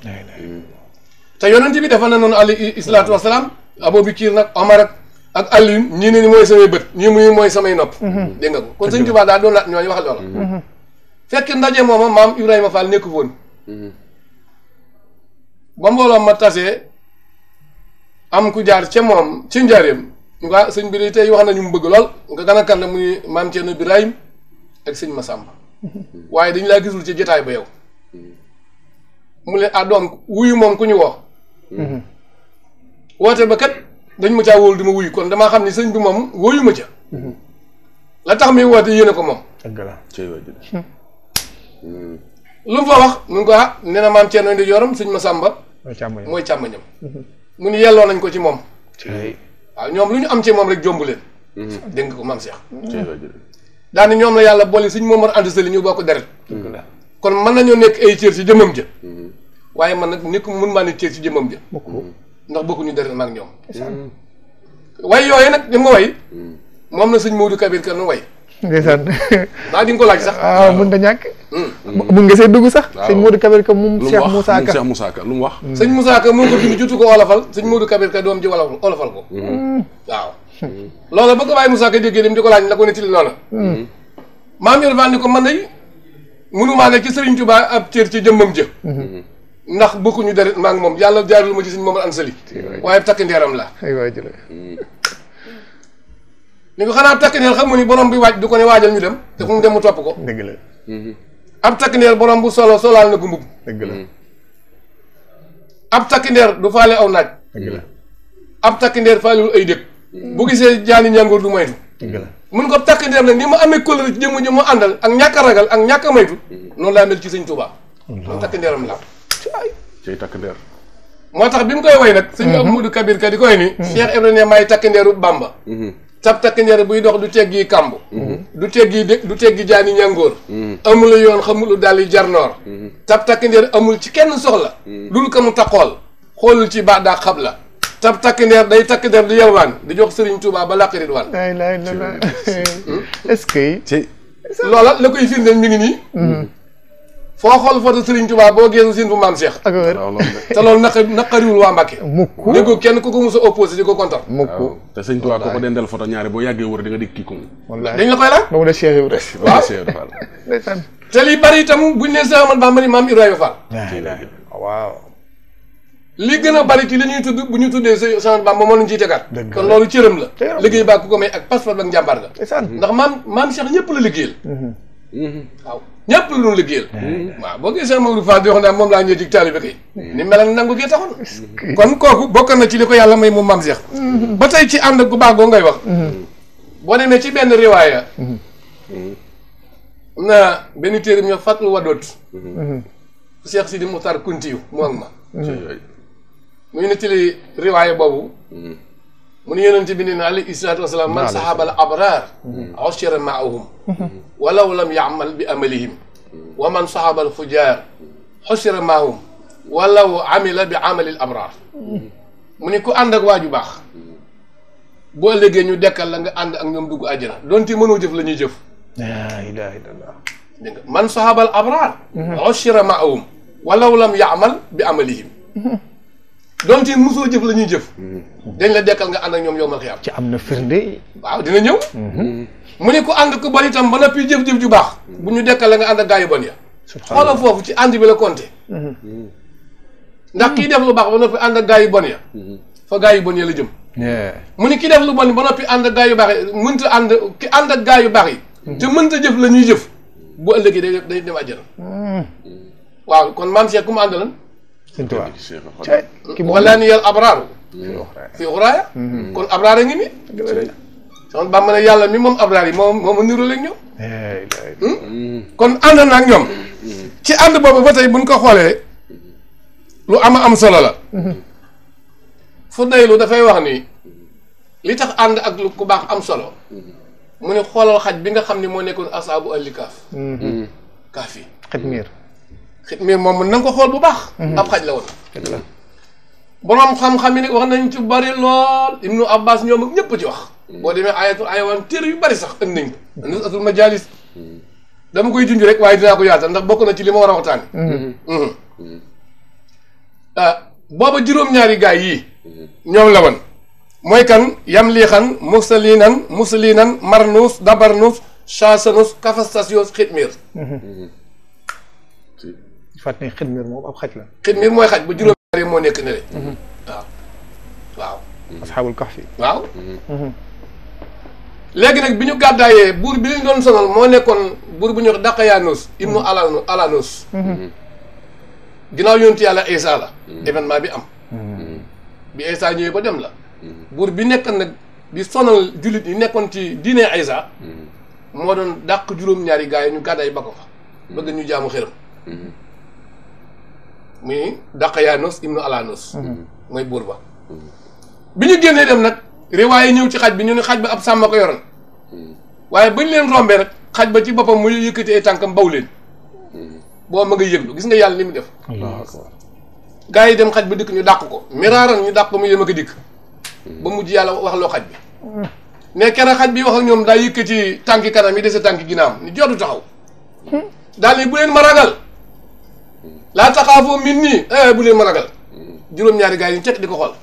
te yonent bi dafa na noonu alayhi salaatu wasalaam abubakar nag omar ak Alioune ñii ne mooy samay bët ñii muy mooy samay nopp. Mhm. dégg ko kon sëñ Tuubaa daal doon laaj ñooñu wax loola. Mhm. fekk ndaje mooma maam Ibrahima Fall nekku woon. Mhm. ba mbooloo ku jaar ca moom ci njaareem nga sëñ bi de bëgg lool nga gën a kan maam Thierno ak sëñ Massamba. waaye dañu laa gisul ci jotaay ba yow. mu ne ah wuyu moom ku ñu woo. woote ba kat. dañu ma caa wóolu di ma wuyu kon damaa xam ne sëñ bi moom wóoyu ma ca. Mhm. la tax mi woote yéene ko moom. dëgg la hmm. Hmm. lu mu fa wax mu ko ah nee na maam Thierno di yoram sëñ Masamba. mooy càmmoñam mooy càmmoñam mhm. mu ni yelloo nañ ko ci moom. waaw ñoom lu ñu am ci moom rek jombu leen. Hmm. dénk ko man seex daani ñoom la yàlla boole suñ sëñ Momar Anta Sali ñu bokk deret. kon mën nañoo nekk ay cër ci jëmmam ja. waaye man nag nekk mun maa ne cër ci jëmmam ja. ndax bokkuñu dara ma ak ñoom. Mm. way yooyu nag ñu nga way. Mm. moom na sëñ Modou Kabir Kane way. ndeysaan. naa [LAUGHS] ko laaj sax. Ah, waaw mun na ñàkk. Mm. mun nga see dugg sax. waaw sëñ Modou Kabir Kane moom Cheikh Moussa Ka. Cheikh Moussa Ka lu mu wax. sëñ Moussa Ka moo ko bind jotu ko olofal sëñ Modou Kabir Kane doom ji wala olofal ko. waaw. loola ba ko bàyyi Moussa dem di ko laaj la ko nettali noona. maam Yor Fall ni ko man day mënumaa ne ci Serigne Touba ab cër ci jëmmam jë. Mm-hmm. ndax bokkuñu deret maa ngi moom yàlla jaarul ma ci suñ moomal ansali waaye takk la mm. ni xanaa takk ndeer xam nga ni borom bi waaj du ko ne waajal ñu dem te fu mu dem mu topp ko dëgg la mm-hmm. bu solo solaal na ko mm. ab takk ndeer du faale aw naaj dëgg la mm. ab takk ay dëkk bu gisee jaani ñàngoor du moytu dëgg la ko takk ndeer ma amee kóllëre ci jëmm ji àndal ak ñàkk a ragal ak ñàkk a moytu noonu laa ci sëñ Tuubaa takk ndeeram cay takk ndeer moo tax bi mu koy woy nag sëñ mhm. Amadou Kabir ka di koy ni mhm. Cheikh Ibrahima may takk ndeeru Bamba mhm. tab takk ndeer buy dox du teggi kamb du teggi dëkk du teggi jaani ñàngoor amul yoon xamul daal yi jarnoor tab takk ndeer amul ci kenn soxla dul ko mu taxool xoolul ci baax daa xab la tab takk day takk ndeer di yelwaan di jox Serigne Touba ba làqarit waan lay loola la koy firndeel mi ngi nii foo xool foto Serigne Touba boo génn siin fu maam Cheikh. ak ah, [LAUGHS] te loolu naqariwul waa Mbacke. mukk dégg kenn ku ko mos a opposé di ko kontar. mukk te Serigne Touba ko ko dendal foto yàggee wër di nga dikk kii ko. wallaahi dañ la koy laaj. ba mu des Cheikh Ibrahima [LAUGHS] waaw ndeysaan te li bari itam buñ li gën a bari ci li ñuy bu ñu tuddee Seex Ahmadu Bamba moom lañ ciy tegaat. kon loolu cëram la. liggéey baa ku ko may ak passeport ak njàmbaar la. ndax maam maam Cheikh ñëpp la liggéeyal mm-hmm. waaw ñëpp lu doon liggéeyal. waaw boo gisee Mamadou Fall di wax moom laa ñëw di taalibe kay. ni melal nangu gee taxoon. kon kooku bokk na ci li ko yàlla may mu maam Seex. ba tey ci ànd gu baax goo ngay wax. boo demee ci benn riwaaya. na benn téere ñu fàttali wadoot. Cheikh Sidi Moutar Kuntiyu mu ak ma. muy nettali riwaaya boobu. mu ne bi ne na alayhi salaatu man saxaaba al abraar hmm. ashira maahum hmm. walaw lam yaamal bi amalihim hmm. wa man saxaaba al fujaar xusira maahum walaw amila bi amalil abraar mu ne ku ànd ak waaju baax boo ëllëgee ñu dekkal la nga ànd ak ñoom dugg àjjana donte mënoo jëf la jëf laa ilaha illallah man saxaaba al abraar ashira maahum walaw lam yaamal bi amalihim ci musso jëf la jëf. Hmm. dañ la dékkal nga and ak ñom yow ma xiyam. ci amna firnde. waaw dina ñew hmm. mu ne ko and ko bon itam ba noppi jëf-jëf ju bax hmm. bu ñu dekkal la nga and ak gaa bon ya. xolo fofu ci and bi la konté ndax ki def lu bax ba nopi and ak gaa bon ya. fa gaay bon ya la jëm. mu ne ki def lu bon ba nopi and ak yu baax mënta ki and ak gaay yu baax te mënta jëf la jëf. bu ëllëgee day day dem waaw kon maam Cheikh kuma mu sëñ Tuubaa ki mu wala ni yàlla abraar fi xuraaya mm-hmm. kon abraar a ngi ni ne moom abraar yi moom moom niróo ak ñoom hmm? kon ànd mm-hmm. ci ànd boobu ba tey buñ ko xoolee lu ama am solo la mm-hmm. fu daylu dafay wax ni li tax ànd ak lu ku baax am solo mu ne xoolal xaj bi nga xam ne moo nekkoon asaabu ahli kaaf kaaf yi xaj miir mais moom na nga ko xool bu baax. Mhm. ab xaj la woon. borom xam-xam yi nag wax nañ ci bari lool ibnu abbas ñoom ak ñëpp ci wax. Mhm. boo demee ayatul ayawaan téere yu bari sax ënd nañ ko. Mhm. ndax atul majalis dama koy junj rek waaye dinaa ko yaatal ndax bokk na ci li ma war a waxtaanee. Ah, booba juróom-ñaari gaay yii. ñoom la woon. mooy kan yamliixan mursalinan mursalinan marnuus dabarnuus chaasanus kafastasios xitmiir fàttali ne xidmir moom ab xaj la. xidmir mooy xaj bu juróom-ñaari moo nekk ne waaw waaw. asxaabul kahfi waaw. léegi nag bi ñu gàddaayee buur bi ñu doon sonal moo nekkoon buur bu ñuy wax Daqayanos ibnu Alano Alanos. ginnaaw yontu yàlla Isa la. événement bi am. bi Isa ñëwee ba dem la. buur bi nekkoon nag di sonal jullit yi nekkoon ci diine Isa. moo doon dàq juróom-ñaari gars yi ñu gàddaay ba ko fa. bëgg ñu jaamu xëram. mi Daqayaanos imno Alanus, moy mhm. burba. ba biñu ñu dem nak riwaay ñew ci xajj bi ñu ni xajj ba ab sàmm ko yoron mhm. waye buñ leen rombee nag xajj ba ci bopam muy yëkëti ay baw leen mhm. bo ma nga yëglu gis nga yalla limu def gaa yi dem xajj ba dik ñu dakk ko miraran ñu dakk mu yem ak ba mujj yalla wax lo xajj bi ne keroog xajj bi wax ak ñom da yëkëti tanki kanam yi tanki ginaam ni jottu taxaw hmm. dal ni bu leen maragal laa taxaafoo min nii eh bu leen ma ragal juróom-ñaari gars yi teg di ko xool.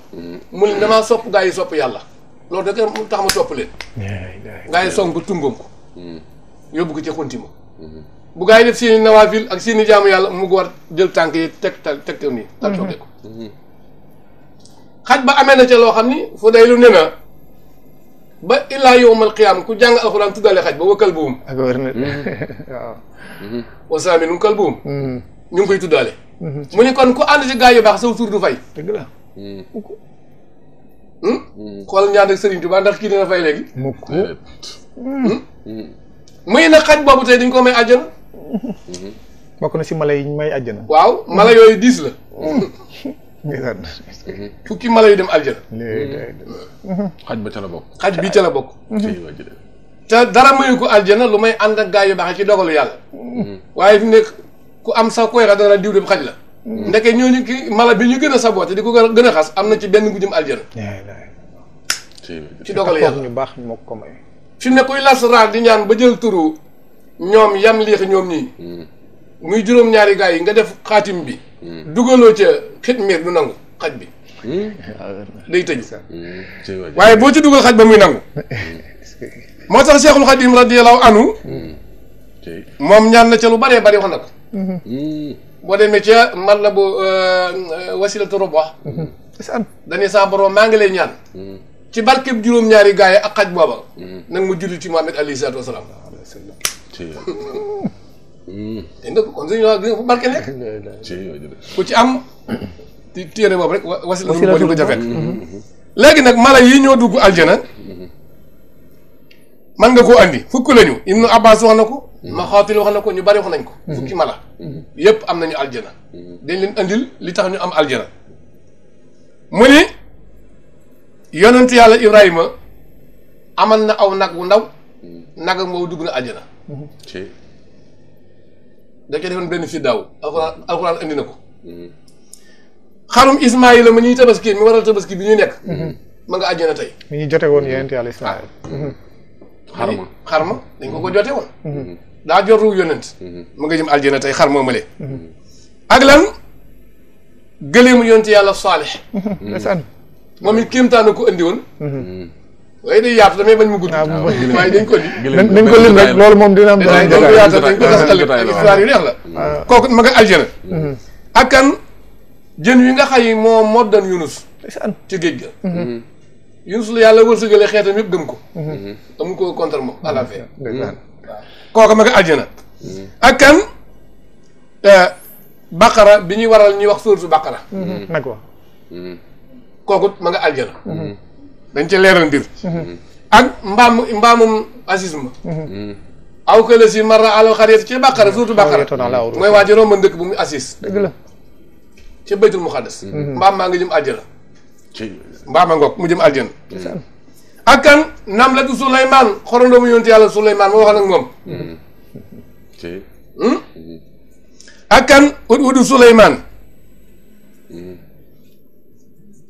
mu ne damaa sopp gars yi sopp yàlla loolu da ngeen tax ma sopp leen. gars yi song ko tungoom ko. yóbbu ko ca xonti ma. bu gars yi def seeni nawaafil ak seeni jaamu yàlla mu war jël tànk yi teg tal teg tal nii. tal toogee ko. xaj ba amee na ca loo xam ni fu day lu ne na ba illaa yowmal qiyaam ku jàng alxuraan tuddaale xaj ba wa kalbuhum. ak wér na waaw. wasaami nu kalbuhum mm. ñu koy tuddaale. Mhm. mu ni kon ku ànd ci gaa yu baax saw tur du fay. dëgg la. Hmm. Hmm? Hmm. xool ñaan ak Serigne Touba ndax kii dina fay léegi. mukk eh, muy na xaj boobu tey dañ ko may àjjana. bokk na si mala yi may àjjana. waaw mala yooyu diis la. fukki mala yu dem aljana xaj ba ca la bokk xaj bi ca la bokk te dara mayu ko aljana lu may ànd ak gaa yu baax ci dogalu yàlla waaye nekk ku am sa koy xadara diw dem xaj la mm. ndeke ñooñu ki mala bi ñu gëna a saboté di ko gën am na ci benn bu aljana ci dogal yàlla ñu bax mo ko may fi ne koy las ra di ñaan ba jël turu ñom yam liix ñom ñii mm. muy juroom ñaari gaay nga def khatim bi mm. dugaloo ci khitmir du nangu xaj bi day tëj waaye bo ci dugal xaj ba muy nangu moo tax cheikhul khadim radiyallahu anhu mom ñaan na ci lu bare bare wax Mm-hmm. boo demee ca man la bu euh, wasilatu ruba mm-hmm. dañuy sa borom maa ngi lay ñaan mm-hmm. ci barkeb juróom-ñaari gaay yi ak xaj booba nag mu julli ci Muhammad alayhi salaatu wasalaam te nag kon suñu wax fu barke nekk [LAUGHS] ku ci am ci téere boobu rek wasilatu ruba di ko jafet léegi nag mala yi ñoo dugg aljana man nga koo andi fukk lañu Ibnu Abbas wax na ko Mm-hmm. maxaatil wax na ko ñu bari wax nañ ko. Mm-hmm. fukki mala. Mm-hmm. yépp am nañu aljana. dañ leen andil li tax ñu am aljana. mu ni yonent yàlla Ibrahima amal na aw nag wu ndaw nag moo dugg na aljana. da cee defoon benn fii daaw alxuraan alxuraan andi na ko. xarum Ismaayila ma ñuy tabaski mi waral tabaski bi ñuy nekk. ma nga àjjana tey. mi ñu jote woon yonent yàlla Ismaayil. Ah. xarma dañ ko ko jote woon. daa jor ruu yonent mm-hmm. mu nga jëm aljana tey xar moomale ak lan gëleemu yonent yàlla saalix mm-hmm. mm-hmm. moom it kéemtaan ko andi woon waaye day bañ mu gudd ah, ah, waaye dañ ko lim rek loolu moom dina am dañ ko yaata dañ ko taxal histoire yu neex ah. jën yi nga xam yi moo moddan yunus ci géej ga yunus yàlla wërsëgale xeetam yëpp gëm ko amuñ ko la fin koko ma aljana àjjana hmm. ak kan eh, baqara bi waral ñuy wax suuratu baqara d'accord hmm. hmm. kooku ma nga àjjana dañ ca leeral mbir ak mbaamu mbaamum asisme aw que le si marra alal xariyati ci baqara suuratu baqara mooy waa ji romb dëkk bu mu assis dëgg la ca baytul muqaddas mbaam maa jëm mu jëm aljana ak kan Namlatu Souleymane xorondoomu yonent yàlla Souleymane moo waxoon ak moom. Hmm? ak kan Hudhudu Souleymane.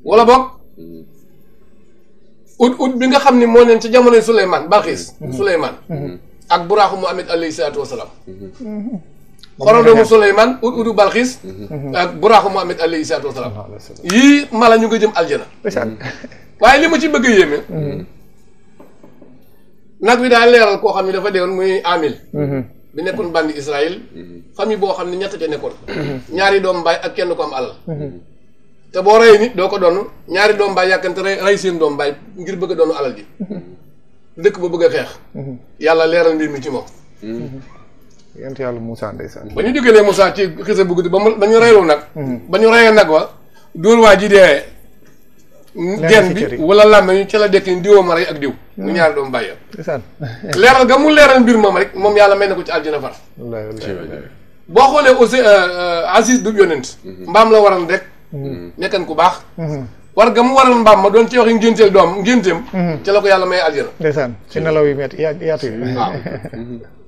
wala boog. Hudhud bi nga xam ni moo neen ca jamonoy Souleymane Balxiis. Hmm. Souleymane. Hmm. ak buraaxu Muhammad alayhi salaatu wa salaam. xorondoomu Souleymane Hudhudu Balxiis. ak buraaxu Muhammad alayhi salaatu wa yii mala ñu ngi jëm aljana. waaye li ma ci bëgg a yéeme. Mm-hmm. nag wi daa leeral koo xam ne dafa deewoon muy amil. Mm-hmm. bi nekkoon bandi Israël. Mm-hmm. famille boo xam ne ñett ca nekkoon. ñaari doom baay ak kenn ko am alal. te boo rey nit doo ko doon ñaari doom baay yàkkante rey rey seen doom baay ngir bëgg a doon alal ji. dëkk ba bëgg a xeex. yàlla leeral mbir mi ci moom. yent yàlla Moussa ndeysaan ba ñu jógee ne Moussa ci xisa bu ba mu ba ñu reyloo nag. ba ñu reyee nag wa dóor waa ji dee. genn bi wala làmme ñu ca la dekk ni diwoo ma rey ak diw mm. mu ñaari doom bàyyi [LAUGHS] leeral ga mu leeral mbir moom rek moom yàlla mel na ko ci aljana far boo xoolee aussi euh, euh, Aziz du yonent mm-hmm. mbaam la waral rek mm-hmm. Mm-hmm. nekkan ku baax war ga mu waral mbaam ma doon ci waxi ngénteel doom ngénteem ca la ko yàlla may aljana ndeysaan ci nelaw yu metti yaatu yi waaw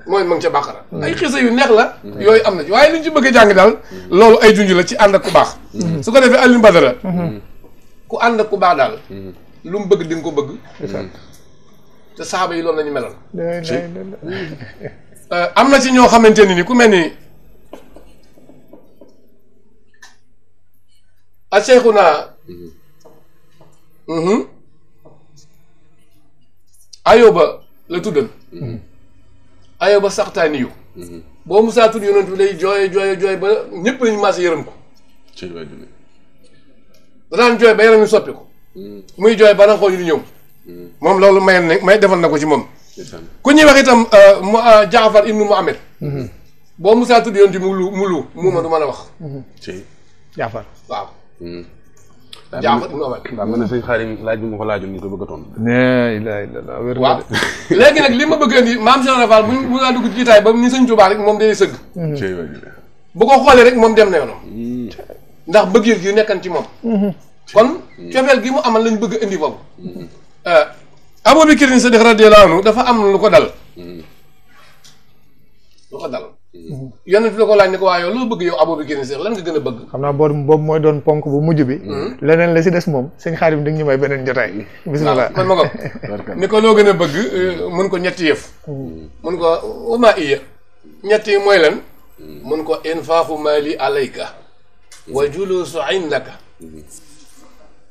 mooy ma ngi ca bàqara ay xisa yu neex la yooyu am na waaye li ñu ci bëgg a jàng daal loolu ay junj la ci ànd ak ku baax su ko defee ku ànd ku baax daal. Hmm. lu mu bëgg di ko bëgg. te saxaaba yi lool la ñu [LAUGHS] euh, am na ci ñoo xamante ni ni ku mel ni. a naa hmm. hmm. ayoba la tuddan ayoba saxtaani yu boo musaa tudd yonent bi day jooye jooye jooye ba ñëpp lañu maas yërëm ko danaan jooy ba yaram ñu soppi mm. ko muy jooy ba ranqoo yi di ñëw moom loolu mayoon na may defal na ko ci moom ku ñuy wax itam euh, mu euh, Jaafar ibnu Muhammad mm-hmm. boo musaa tudd yoon di mu lu mu lu ma du mën a wax mm-hmm. Jaafar waaw mm. Jaafar ibnu Muhammad daa mel laaj bi ma ko laajoon ko bëgg a tontu [LAUGHS] léegi nag li ma bëgg indi maam Cheikh Rafal bu mu laa dugg jiitaay ba mu sëñ Tuubaa rek moom day sëgg mm-hmm. bu ko xoolee rek moom dem na yoonam mm. ndax bëggeel yu nekkan ci moom mhm. kon cofeel gi mu amal lañ bëgg indi boobu mhm. eh, abou bikrin sadiq radiyallahu anhu dafa am lu ko dal mhm. lu ko dal yonent la ko laaj ni ko waaye yow loo bëgg yow abou ni sadiq lan nga gën a bëgg xam naa boobu boobu mooy doon ponk bu mujj bi leneen la si des moom sëñ xaarim di ñu may beneen jotaay bismillah kon ma ko ni ko loo gën a bëgg eh, mun ko ñetti yëf mun ko uma iya ñetti mooy lan mun ko infaaxu mali alayka Wajulu julusu indaka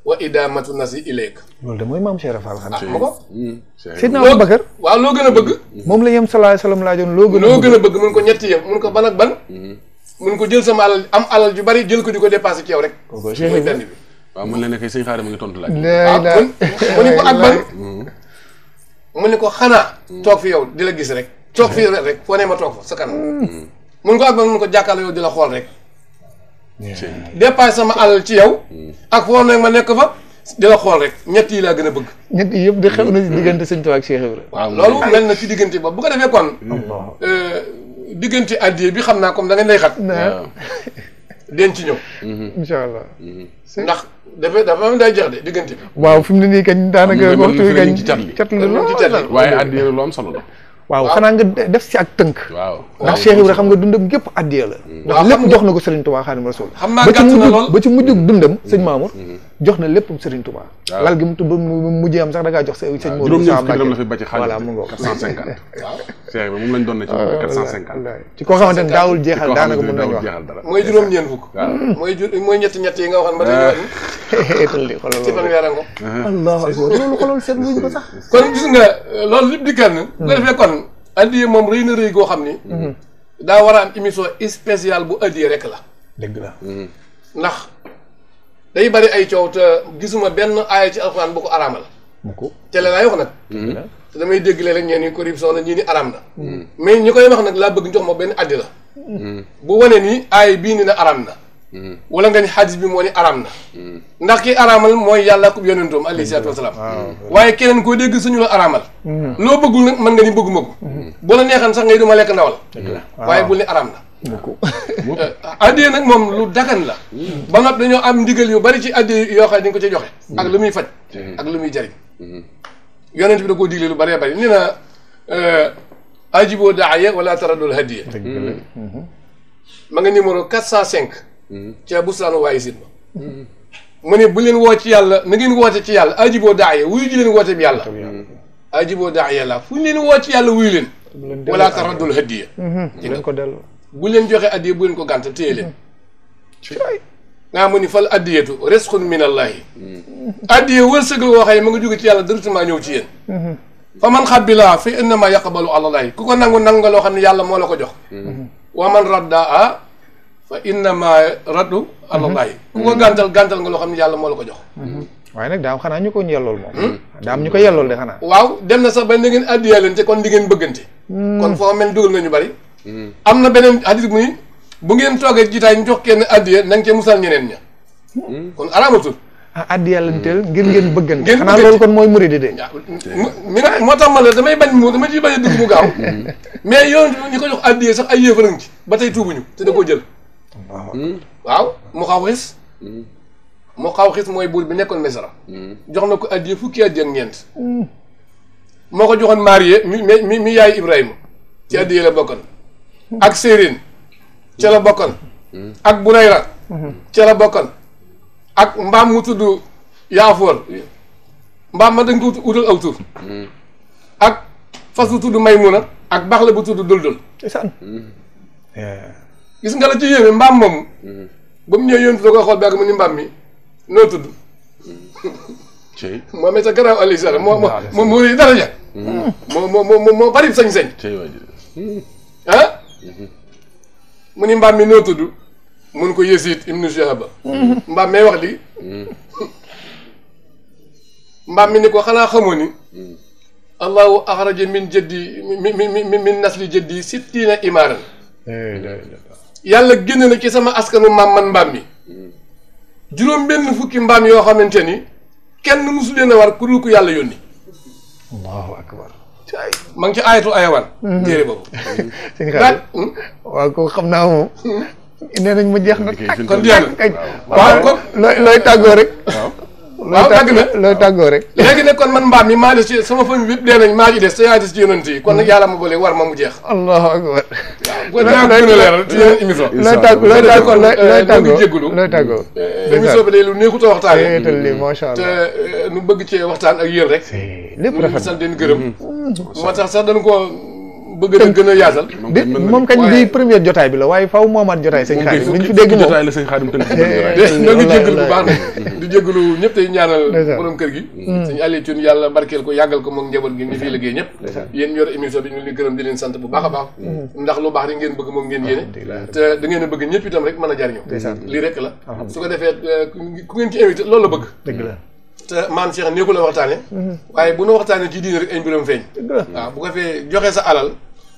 wa idamatu nasi ilayk loolu de mooy maam Cheikh Rafal xam ah, nga ko hmm. Sidna Abu Bakar waaw loo gën a bëgg moom la yem sallallahu alayhi wasallam laajoon loo gën a loo bëgg ko ñetti ko ban ak ban hmm. mun ko jël sama alal am alal ju bari jël ko di ko ci yow rek mooy benn la nekk ngi tontu laaj ah, ni ko ak ban hmm. ni ko fi yow di gis rek toog fi rek foo ne ma toog fa sa kanam mun ko ak ban ko yow rek dépassé sama alal ci yow. Mm. ak foo nekk ma nekk fa. di la xool rek ñett yi laa gën a bëgg. ñett yi yëpp di xew na diggante sëñ Tuubaa ak Cheikh Ibra. waaw loolu mel na ci diggante boobu bu ko defee kon. Mm. Euh, diggante addiya bi xam naa comme danga ngeen lay xat. waaw [LAUGHS] den ci ñëw. Mm-hmm. incha allah. Mm-hmm. ndax dafa dafa am day jeex de diggante bi. waaw fi mu ne nii kañ daanaka waxtu kañ. cat la waaye addiya lu am solo la. waaw xanaa nga def si ak tënk waaw ndax Cheikh Ibra xam nga dundam gépp addiya la mm. ndax lépp jox na ko Serigne Touba Xaadimu Rasuul ba ci mujjug dundam sëñ mm. Mamour mm-hmm. jox na lépp Serigne Touba. lal gi mu tudd mujjee am sax da nga jox sëñ Modou Moussa Mbacké la fi bàcc xaalis voilà mu ngoog 450 [LAUGHS] waaw [LAUGHS] Cheikh bi moom lañ doon na ci 450 ah, ci ko xamanteni dawul daawul da naka mu nañ wax mooy juróom ñeent fukk [LAUGHS] mooy moy ñet ñet yi nga waxal ma tey tolli xolal ci fanweer nga ah. Allahu akbar lolu xolal set wuñ ko sax kon gis nga euh, lolu lipp di kenn nga hmm. fe kon andi mom rëy na rëy go xamni hmm. da wara am émission spéciale bu addiye rek la deug na hmm. ndax day bari ay coow te gisuma benn aaya ci alxuraan bu ko araamal. te la laay wax nag. Mm-hmm. Mm-hmm. te damay dégg léeg-léeg ñeen ñi corruption la ñii ni araam na. Mm-hmm. mais ñi koy wax nag laa bëgg njox jox ma benn àddi la. bu wane ni aaya bii ni na araam na. wala nga ni xadis bi moo ni araam na. ndax ki araamal mooy yàlla ku yonentoom alayhi salaatu wasalaam. Ah, waaye keneen koo dégg suñu la araamal. loo bëggul nag mën nga ni bëgguma ko. boo la neexan sax ngay duma lekk ndawal. waaye ah. bul ni araam na. [LAUGHS] Eh, Adi nag moom lu dagan la hmm. ba noppi dañoo am ndigal yu bari ci addiya yoo xam ne dañ ko ci joxe hmm. ak lu muy faj hmm. ak lu muy jariñ yonent bi da koo digle lu bëree bëri nee na eh, ajiboo daaya wala taradul hadiya ma nga numéro 405 ca buslaanu waaye sit ma mu ne bu leen woo ci yàlla na ngeen woote ci yàlla ajiboo daaya wuyu ji leen woote bi yàlla ajiboo daaya la fu ñu leen ci yàlla wuyu leen wala taradul hadiya ko delloo bu leen joxe addiya bu leen ko ganta téye leen nga mu ni fal addiyatu risqun min allahi addiya wërsëg la waxee mu ngi jóge ci yàlla directement ñëw ci yéen fa man fi innama yaqbalu alallahi ku ko nangu nangu nga loo xam la ko jox wa man raddaa fa innama raddu alallahi ku ko gantal gàntal nga lo xam ne yàlla moo la ko jox waaye nag daam xanaa ñu ko yellool hmm? daam ñu ko de waaw dem na sax ba te kon di bëggante hmm. kon mel bari amna benen hadith hadis bu ni bu ngeen toge jiitaay ñu jox kenn addiya na nga musal ñeneen ña. kon araamatul. ah addiya lanteel ngir ngeen hmm. bëggante. xana lool kon moy muridi de. Ya, mi na moo tax ma la damay bañ mu dama ciy bañ a dugg mu gaaw hmm. mais yoon ñu ko jox addiya sax ay yéefar ngi batay tuubu ñu te da ko jël. Hmm. waaw mu xaw xis. mu xaw xis mooy bi nekkon mesra jox na ko addiya fukki addiya ak ñeent. moo ko mi mi yaay ibrahim ci addiya la bokkon ak séeréen ci la bokkoon ak bunayra ci la bokkoon ak mbam mu tuddu yafor mbam ma dañ ko utal autour ak fasu tuddu maymuna ak baax bu tuddu duldul gis nga la ci yewi mbam mom bam mu yoon yontu da koy xool ba mu ni mbam mi noo tudd mau it sa garaaw Aliou Sall moo moo moo daraja mm. moo moo moo moo bari sañ-sañ ah mu ni mbaam mi noo tudd mun ko Yezid ibnu Shihab mbaam may wax lii mbaam mi ni ko xalaa xamoo ni allahu axraja min jëddi min min nasli jëddi sittiina imaaran yàlla génn na ci sama askanu maam man mbaam mi juróom benn fukki mbaam yoo xamante ni kenn musu leen a war ku dul ko yàlla yónni ma ngi ci ayatul ayawaan. Mhm. téere boobu. sëñ Xaadim waaw ko xam naa moom. Hmm? nee nañ ma jeex na. kon jeex na waaw kon looy looy tàggoo rek. waaw dagg na looy tàggoo rek [LAUGHS] léegi ne kon man mbaam mi maa des ci sama fan wépp dee nañ maa ci des te yaa des ci yonent yi kon nag yàlla ma boole war ma mu allahu akbar a leeral ci yeneen émission looy tàgg euh, euh, looy tàggoo looy tàggoo jéggalu looy tàggoo émission bi a allah euh, nu bëgg cee waxtaan ak yéen rek lépp rafet sant den gërëm mm-hmm. moo tax sax dañ ko bëgg na gën a yaasal moom kañ bi première jotaay bi la waaye faw moomaat jotaay sëñ xaadim liñ fi dégg moom jotaay la sëñ xaadim tënk [LAUGHS] ñoo ngi jégalu bu baax nag di jégalu ñëpp tey ñaanal [LAUGHS] borom kër gi mm. sëñ Aliou Thioune yàlla barkeel ko yàggal ko moom njaboot gi ñu fiy liggéey ñëpp yéen ñor émission bi ñu leen gërëm di leen sant bu baax baax mm. ndax lu baax rek ngeen bëgg moom ngeen yéene te da ngeen bëgg ñëpp itam rek mën a jariñoo rek la su ko defee euh, ku ngeen ci invité loolu la bëgg te man Cheikh néegu la waxtaane mm-hmm. waaye bu nu waxtaane ci diine rek ay mbiram feeñ waaw bu ko fee joxe sa alal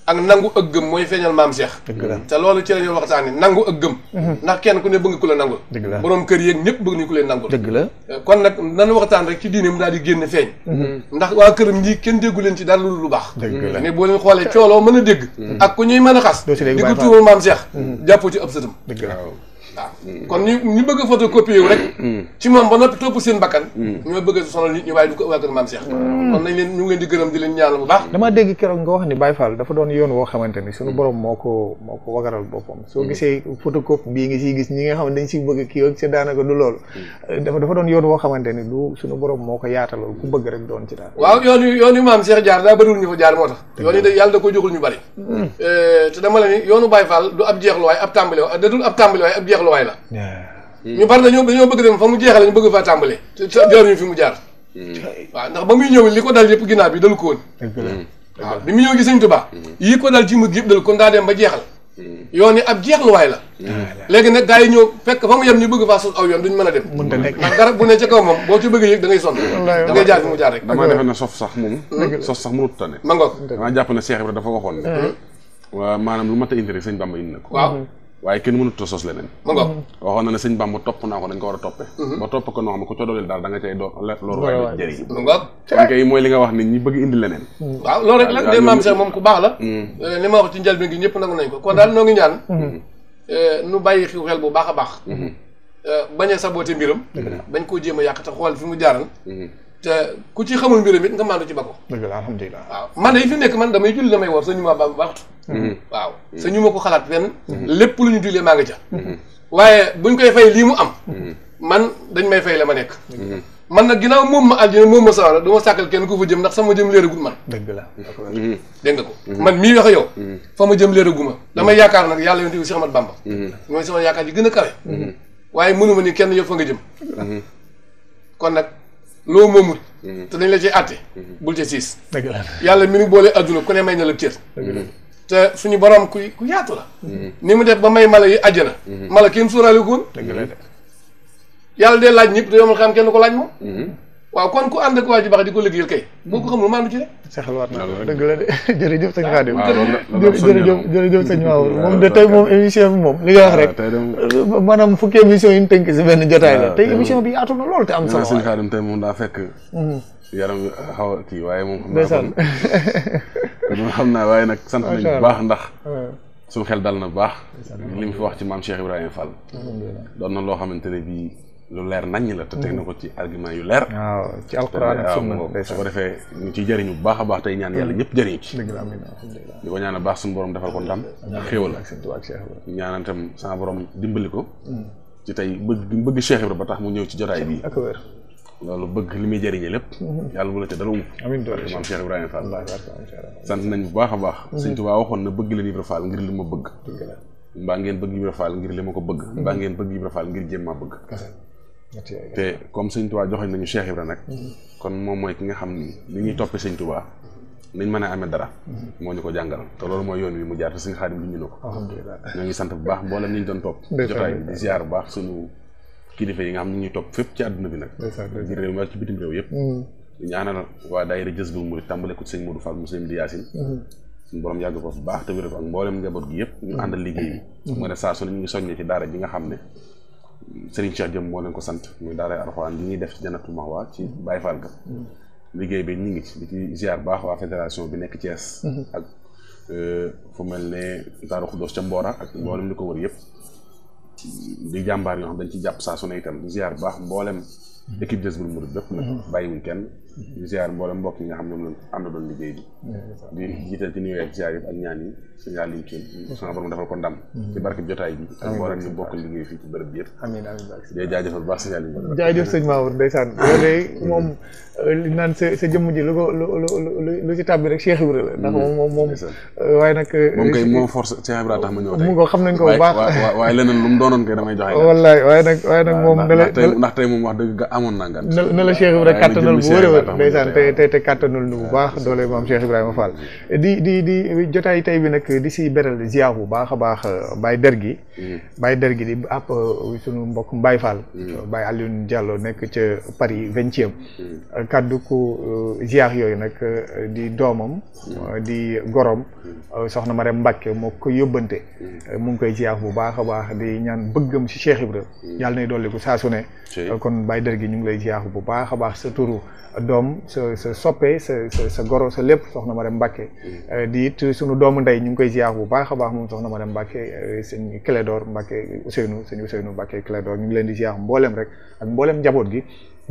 ak nangu ak gëm mooy feeñal maam Cheikh te loolu ci la ñuy waxtaanee nangu ak gëm mhm. ndax kenn ku ne bëgg ku la nangul borom kër yeeg ñëpp bëgg nañu ku leen nangul dëgg la euh, kon nag nañu waxtaan rek ci diine mu daal di génn feeñ mhm. ndax waa këram ñi kenn déggu ci dara lu lu baax mais boo leen xoolee cooloo mën a dégg mhm. ak ku ñuy mën a xas di ko tuumal maam Cheikh jàppoo ci ëpp sëtam Nah, kon ñu ñu bëgg photocopier wu rek mm. ci moom ba noppi topp seen bakkan mm. ñoo bëgg sonal nit ñi waaye du ko waa kër Cheikh mm. kon nañ leen ñu ngi leen di gërëm di leen ñaanal bu baax dama dégg keroog nga wax ni Baye Fall dafa doon yoon woo xamante suñu borom moo ko wagaral boppam soo gisee photocopie bii nga siy gis ñi nga xam dañ si bëgg kii ak sa daanaka du lool dafa dafa doon yoon woo xamante du suñu borom moo ko ku bëgg rek doon ci daal waaw yoon yoon Cheikh jaar ñu fa jaar yoon yi da ko joxul ñu bari eh, te dama la ni yoonu Fall du ab jeexlu ab ab ab jeex jeexluwaay la. ñu bari dañoo dañoo bëgg dem fa mu jeexale ñu bëgg faa tàmbale. te jaaruñu fi mu jaar. Hmm. waaw ndax ba muy ñëw li ko dal yëpp ginnaaw bi dalu ko woon. Hmm. waaw bi mu ñëw hmm. daa dem ba jeexal. yoon yi ab jeexluwaay la. léegi nag gars yi ñëw fekk fa mu yem ñu bëgg faa sul aw yoon duñ mën a dem. mënta ndax garab bu ne ca moom boo ci bëgg yëg da ngay sonn. jaar fi mu jaar rek. dama defe sof sax moom. sof sax mënut tane. ma jàpp ne Cheikh Ibrahima dafa waxoon ne. maanaam lu mat a intérêt sëñ Bamba waaye kenn mënut a sos leneen waxoon na ne sëñ Bamba topp naa ko dañ ko war a toppe mhm. ba topp ko noo xam ne ku ca dooleel daal da nga cay doo loolu waaye da jëriñ kon mooy li nga wax ni ñi bëgg indi leneen mhm. waaw loolu rek de maam Cheikh moom ku baax la mhm. euh, li ma wax ci njëlbeen gi ñëpp nangu nañ ko kon daal noo ngi ñaan euh, nu bàyyi xiw xel bu baax a baax euh, bañ a saboté mbiram bañ koo jéem a yàq te xool fi mu jaaral te ku ci xamul mbiram it nga maandu ci ba ko. dëgg la alhamdulilah waaw man de fi nekk man damay julli damay war sañu ma ba waxtu. Mm-hmm. waaw mm-hmm. sañu ma ko xalaat ren. Mm-hmm. lépp lu ñu jullee maa nga ca. waaye buñ koy fay lii mu am. man dañ may fay la ma nekk. man nag ginnaaw moom ma aljina moom ma sawara du ma sàkkal kenn ku fa jëm ndax sama jëm leeragul man. dëgg la dégg nga ko. man mii wax yow. fa ma jëm leeraguma. damay yaakaar nag yàlla yonent bi Cheikh Ahmadou Bamba. mooy sama yaakaar ji gën a kawe. waaye mënuma ni kenn yow fa nga jëm. kon nag. loo moomut. Mhm. te dañ la cee àtte. Mhm. bul ca siis. yàlla mu nu boolee adduna ku ne may na la cër. te suñu borom ku ku yaatu la. Mhm. ni mu def ba may mala yi àjjana. mala kenn suuraale ko woon. dëgg yàlla dee laaj ñëpp te yow ma xam kenn ko laaj moom. waaw kon ku ànd ak waa ji baax di ko liggéeyal kay boo ko xamul maandu ci ne saxalwaat naa de [LAUGHS] jërëjëf sëñ Khadim jërëjëf jërëjëf moom de tey moom émission bi moom li nga wax euh, maanaam fukki émission yi ñu tënk si benn jotaay la tey bi yaatu na lool te am solo sëñ Khadim tey moom daa fekk mm-hmm. yaram xaw a kii waaye moom xam naa xam naa waaye nag sant nañ baax ndax suñu xel dal na bu baax li mu fi wax ci maam Cheikh Ibrahima fal doon na loo xamante ne bii lu leer nañ la te tek na ko ci mm. argument yu leer waaw ci alquran ak euh, sunna su ko defee ñu ci jëriñu bu baax a baax tay ñaan yàlla mm. ñëpp jëriñu ci dëgg la amina alhamdulillah di ko ñaan baax suñu borom defal ko ndam xéewal ñaanal tam sama borom dimbali ko mm. ci tay bëgg bëgg cheikh ibra ba tax mu ñëw ci jotaay bi ak wër loolu bëgg li muy jëriñe lépp mm-hmm. yàlla bu la ca dara ump amin doole maam cheikh ibrahima fall sant nañ bu baax a baax mm-hmm. sëñ tubaa waxoon na bëgg la ibra fall ngir li ma bëgg mbaa ngeen bëgg ibra fall ngir li ma ko bëgg mbaa mm-hmm. ngeen bëgg ibra fall ngir jéem maa bëgg te comme sëñ Tuubaa joxoñ nañu Cheikh Ibra nag mm-hmm. kon moom mooy ki nga xam ni li ñuy toppee sëñ tubaa niñ mën a amee dara mm-hmm. moo ni ko jàngal te loolu mooy yoon wi mu jaar te sëñ Xaadim li ñu ne ko ñoo ngi sant bu baax mboolem ñu doon topp bu baax suñu kilifa yi nga xam ñu ñuy topp fépp ci àdduna bi nag ci réew mi ak ci bitim yëpp mm-hmm. di ñaanal waa daayira jës bu murit tàmbale ko sëñ Modou Fall mu sëñ di Yaasin suñu borom yàgg ko bu baax te wér ko ak mboolem njaboot gi yëpp ñu àndal liggéey bi mu ne saa su ne ñu ngi soññee ci daara ji nga xam ne Serigne Cheikh Jëm moo leen ko sant muy daaray alxuraan li ñuy def ci Jannatul Mahwa ci Baye Fall ga liggéey bi ñu ngi ci di ci ziar baax waa fédération bi nekk Thiès. ak euh, fu mel ne Daaru Xuddoos ca Mbora ak mboolem li ko wër yëpp di jàmbaar yoo xam dañ ci jàpp saa su ne itam di ziar baax mbooleem équipe Jazboul mu bépp nag mm-hmm. bàyyiwuñ kenn di ziar mboolem mbokk yi nga xam ne moom la am na doon liggéey bi. di jiital ci nuyoo ak ziar yëpp ak ñaan yi suñu àll yi ci sama borom defal ko ndam. ci barke jotaay bi. ak mboolem ñu bokk liggéey fii ci bërëb bi yëpp. amiin amiin day jaajëfal baax suñu àll yi. naan sa sa jëmm ji lu ko lu lu lu ci tàbbi rek Cheikh Ibra la. ndax moom moom waaye nag. Euh, moom kay moom force Cheikh Ibra ma ñëw tey. mu ko xam nañ ko bu baax waaye waaye leneen lu mu doonoon kay damay joxe. wallaay waaye nag waaye nag moom. na la ndax tey moom naa na la Cheikh Ibra kattanal ndeysaan te te te kàttanul nu bu baax doole maam Cheikh Ibrahima Fall di di di jotaay tey bi nag di si beral ziar bu baax a baax euh, Baye Dergi mm. Baye Dergi di ab euh, suñu mbokk Mbaye Fall mm. Baye Alioune Diallo nekk ca Paris vingtième mm. euh, kàddu ko ziar yooyu nag di doomam di gorom soxna Marème Mbacke moo ko yóbbante mu ngi koy ziar bu baax a baax di ñaan bëggam ci Cheikh Ibrahima yàlla nay dolli ko saa su ne kon Baye gi ñu ngi lay ziar bu baax a baax sa doom sa sa sa sa sa goro sa lépp soxna Marème Mbacke mm. euh, di it sunu doomu ndey ñu ngi koy ziar bu baax a baax moom soxna Marème Mbacke euh, sëñ Clédor Mbacke Ousseynou sëñ Ousseynou Mbacke Clédor ñu ngi leen di ziar mboolem rek ak mboolem njaboot gi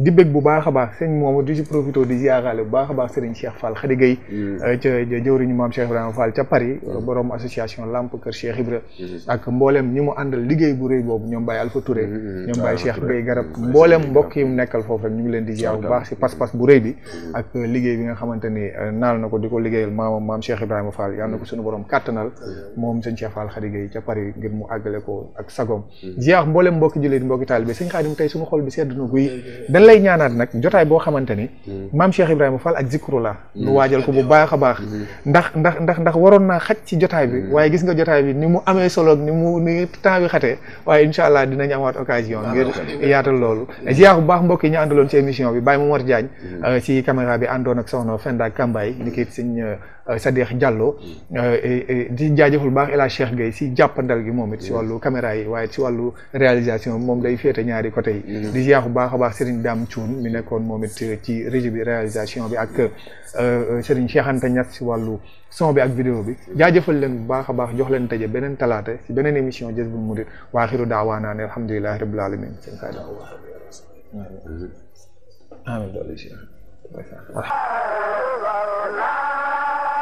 di bég bu baax baax sëñ moomu di ci profito di ziaraale bu baax baax sëriñ Cheikh Fall Khady Gueye mm. euh, ca jëwriñu maam Cheikh ibrahim Fall ci Paris mm. euh, borom association lampe keur Cheikh Ibra mm-hmm. ak mbollem ñi mu àndal liggéey bu reuy bobu ñom Baye Alpha Touré mm-hmm. mm-hmm. ñom Baye ah, Cheikh Gueye Garab mbollem mbokk yi mu nekkal fofu rek ñu ngi leen di ziar bu baax ci pass pass bu reuy bi ak euh, liggey bi nga xamanteni naal nako diko liggeyal ko mam Cheikh ibrahim Fall yalla nako suñu borom kàttanal mom sëñ Cheikh Fall Khady gay ci Paris ngir mu àggale ko ak sagom ziar mbollem mbokk jullit mbokk talibé sëñ Khadim tay suñu xol bi sedd na dañ lay ñaanaat nag boo xamante ni hmm. maam Cheikh Ibrahima Fall hmm. bu baax a baax hmm. ndax ndax ndax ndax waroon naa xaj ci jotaay bi waaye gis nga jotaay bi ni mu amee solo ni mu ni temps bi xatee waaye incha allah dinañ amaat occasion ngir ah, yaatal loolu ziar bu baax mbokk yi ñu àndaloon ci émission bi Baye Momar Diagne euh, ci caméra bi àndoon ak soxna Fenda Kambaay ni kiit sëñ euh, Sadikh Diallo euh, di jaajëful baax El Hadj Cheikh Gueye si jàppandal gi moom it si wàllu caméra yi waaye si wàllu réalisation moom day féete ñaari côté yi di ziar baax a baax Serigne Dame Thioune mi nekkoon moom it ci régie bi réalisation bi ak euh, euh, Serigne Cheikh Anta Niass si wàllu son bi ak vidéo bi jaajëfal leen bu baax a baax jox leen tëje beneen talaata si beneen émission Jazboul Mouride wa axiru daawaanaa ne alhamdulilahi rabbil alamin seen fay amiin